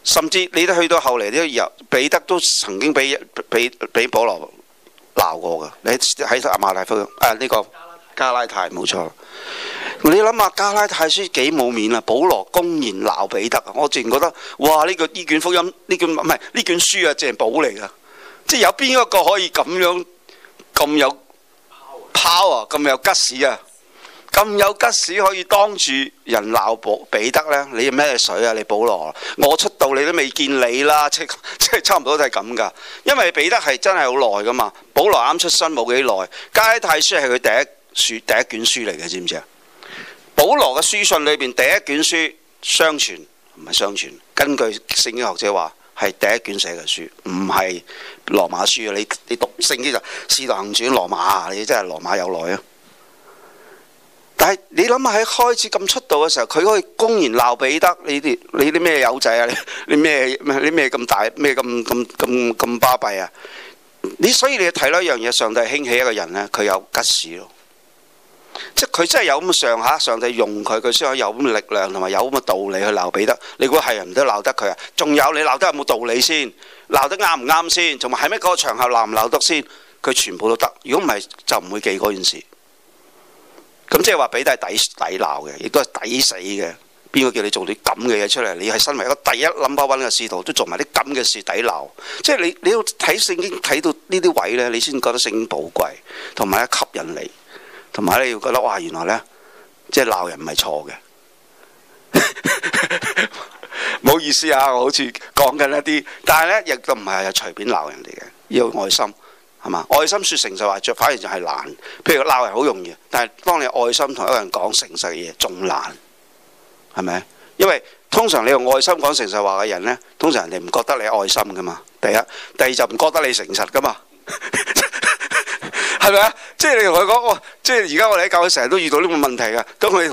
甚至你都去到後嚟都由彼得都曾經俾俾保羅鬧過㗎。你喺喺亞馬太福音啊呢、呢個加拉太冇錯。你諗下，加拉泰書幾冇面啊？保羅公然鬧彼得啊！我自然覺得，哇！呢個呢卷福音呢卷唔係呢卷書啊，淨係寶嚟噶。即係有邊一個可以咁樣咁有拋啊，咁有吉屎啊，咁有吉屎可以當住人鬧保彼得呢？你係咩水啊？你保羅，我出道你都未見你啦，即係即係差唔多都係咁噶。因為彼得係真係好耐噶嘛，保羅啱出生冇幾耐，加拉泰書係佢第一書第，第一卷書嚟嘅，知唔知啊？保羅嘅書信裏邊第一卷書，相傳唔係相傳，根據聖經學者話係第一卷寫嘅書，唔係羅馬書啊！你你讀聖經就是但行轉羅馬，你真係羅馬有來啊！但係你諗下喺開始咁出道嘅時候，佢可以公然鬧彼得，你啲你啲咩友仔啊？你咩咩？你咩咁大？咩咁咁咁咁巴閉啊？你所以你睇到一樣嘢，上帝興起一個人呢，佢有吉兆。即係佢真係有咁上下，上帝用佢，佢先可以有咁嘅力量同埋有咁嘅道理去鬧彼得。你估係人都鬧得佢啊？仲有你鬧得有冇道理先？鬧得啱唔啱先？同埋喺咩個場合鬧唔鬧得先？佢全部都得。如果唔係，就唔會記嗰件事。咁即係話彼得係抵抵鬧嘅，亦都係抵死嘅。邊個叫你做啲咁嘅嘢出嚟？你係身為一個第一冧巴溫嘅使徒，都做埋啲咁嘅事抵鬧。即係你你要睇聖經睇到呢啲位呢，你先覺得聖經寶貴同埋吸引你。同埋你要覺得哇，原來呢，即係鬧人唔係錯嘅。唔 好意思啊，我好似講緊一啲，但係呢，亦都唔係隨便鬧人哋嘅，要愛心係嘛？愛心説誠實話，著反而就係難。譬如鬧人好容易，但係當你愛心同一個人講誠實嘅嘢，仲難係咪？因為通常你用愛心講誠實話嘅人呢，通常人哋唔覺得你愛心噶嘛。第一，第二就唔覺得你誠實噶嘛。 係咪啊？即係你同佢講，哇、哦！即係而家我哋喺教會成日都遇到呢個問題㗎，咁我哋。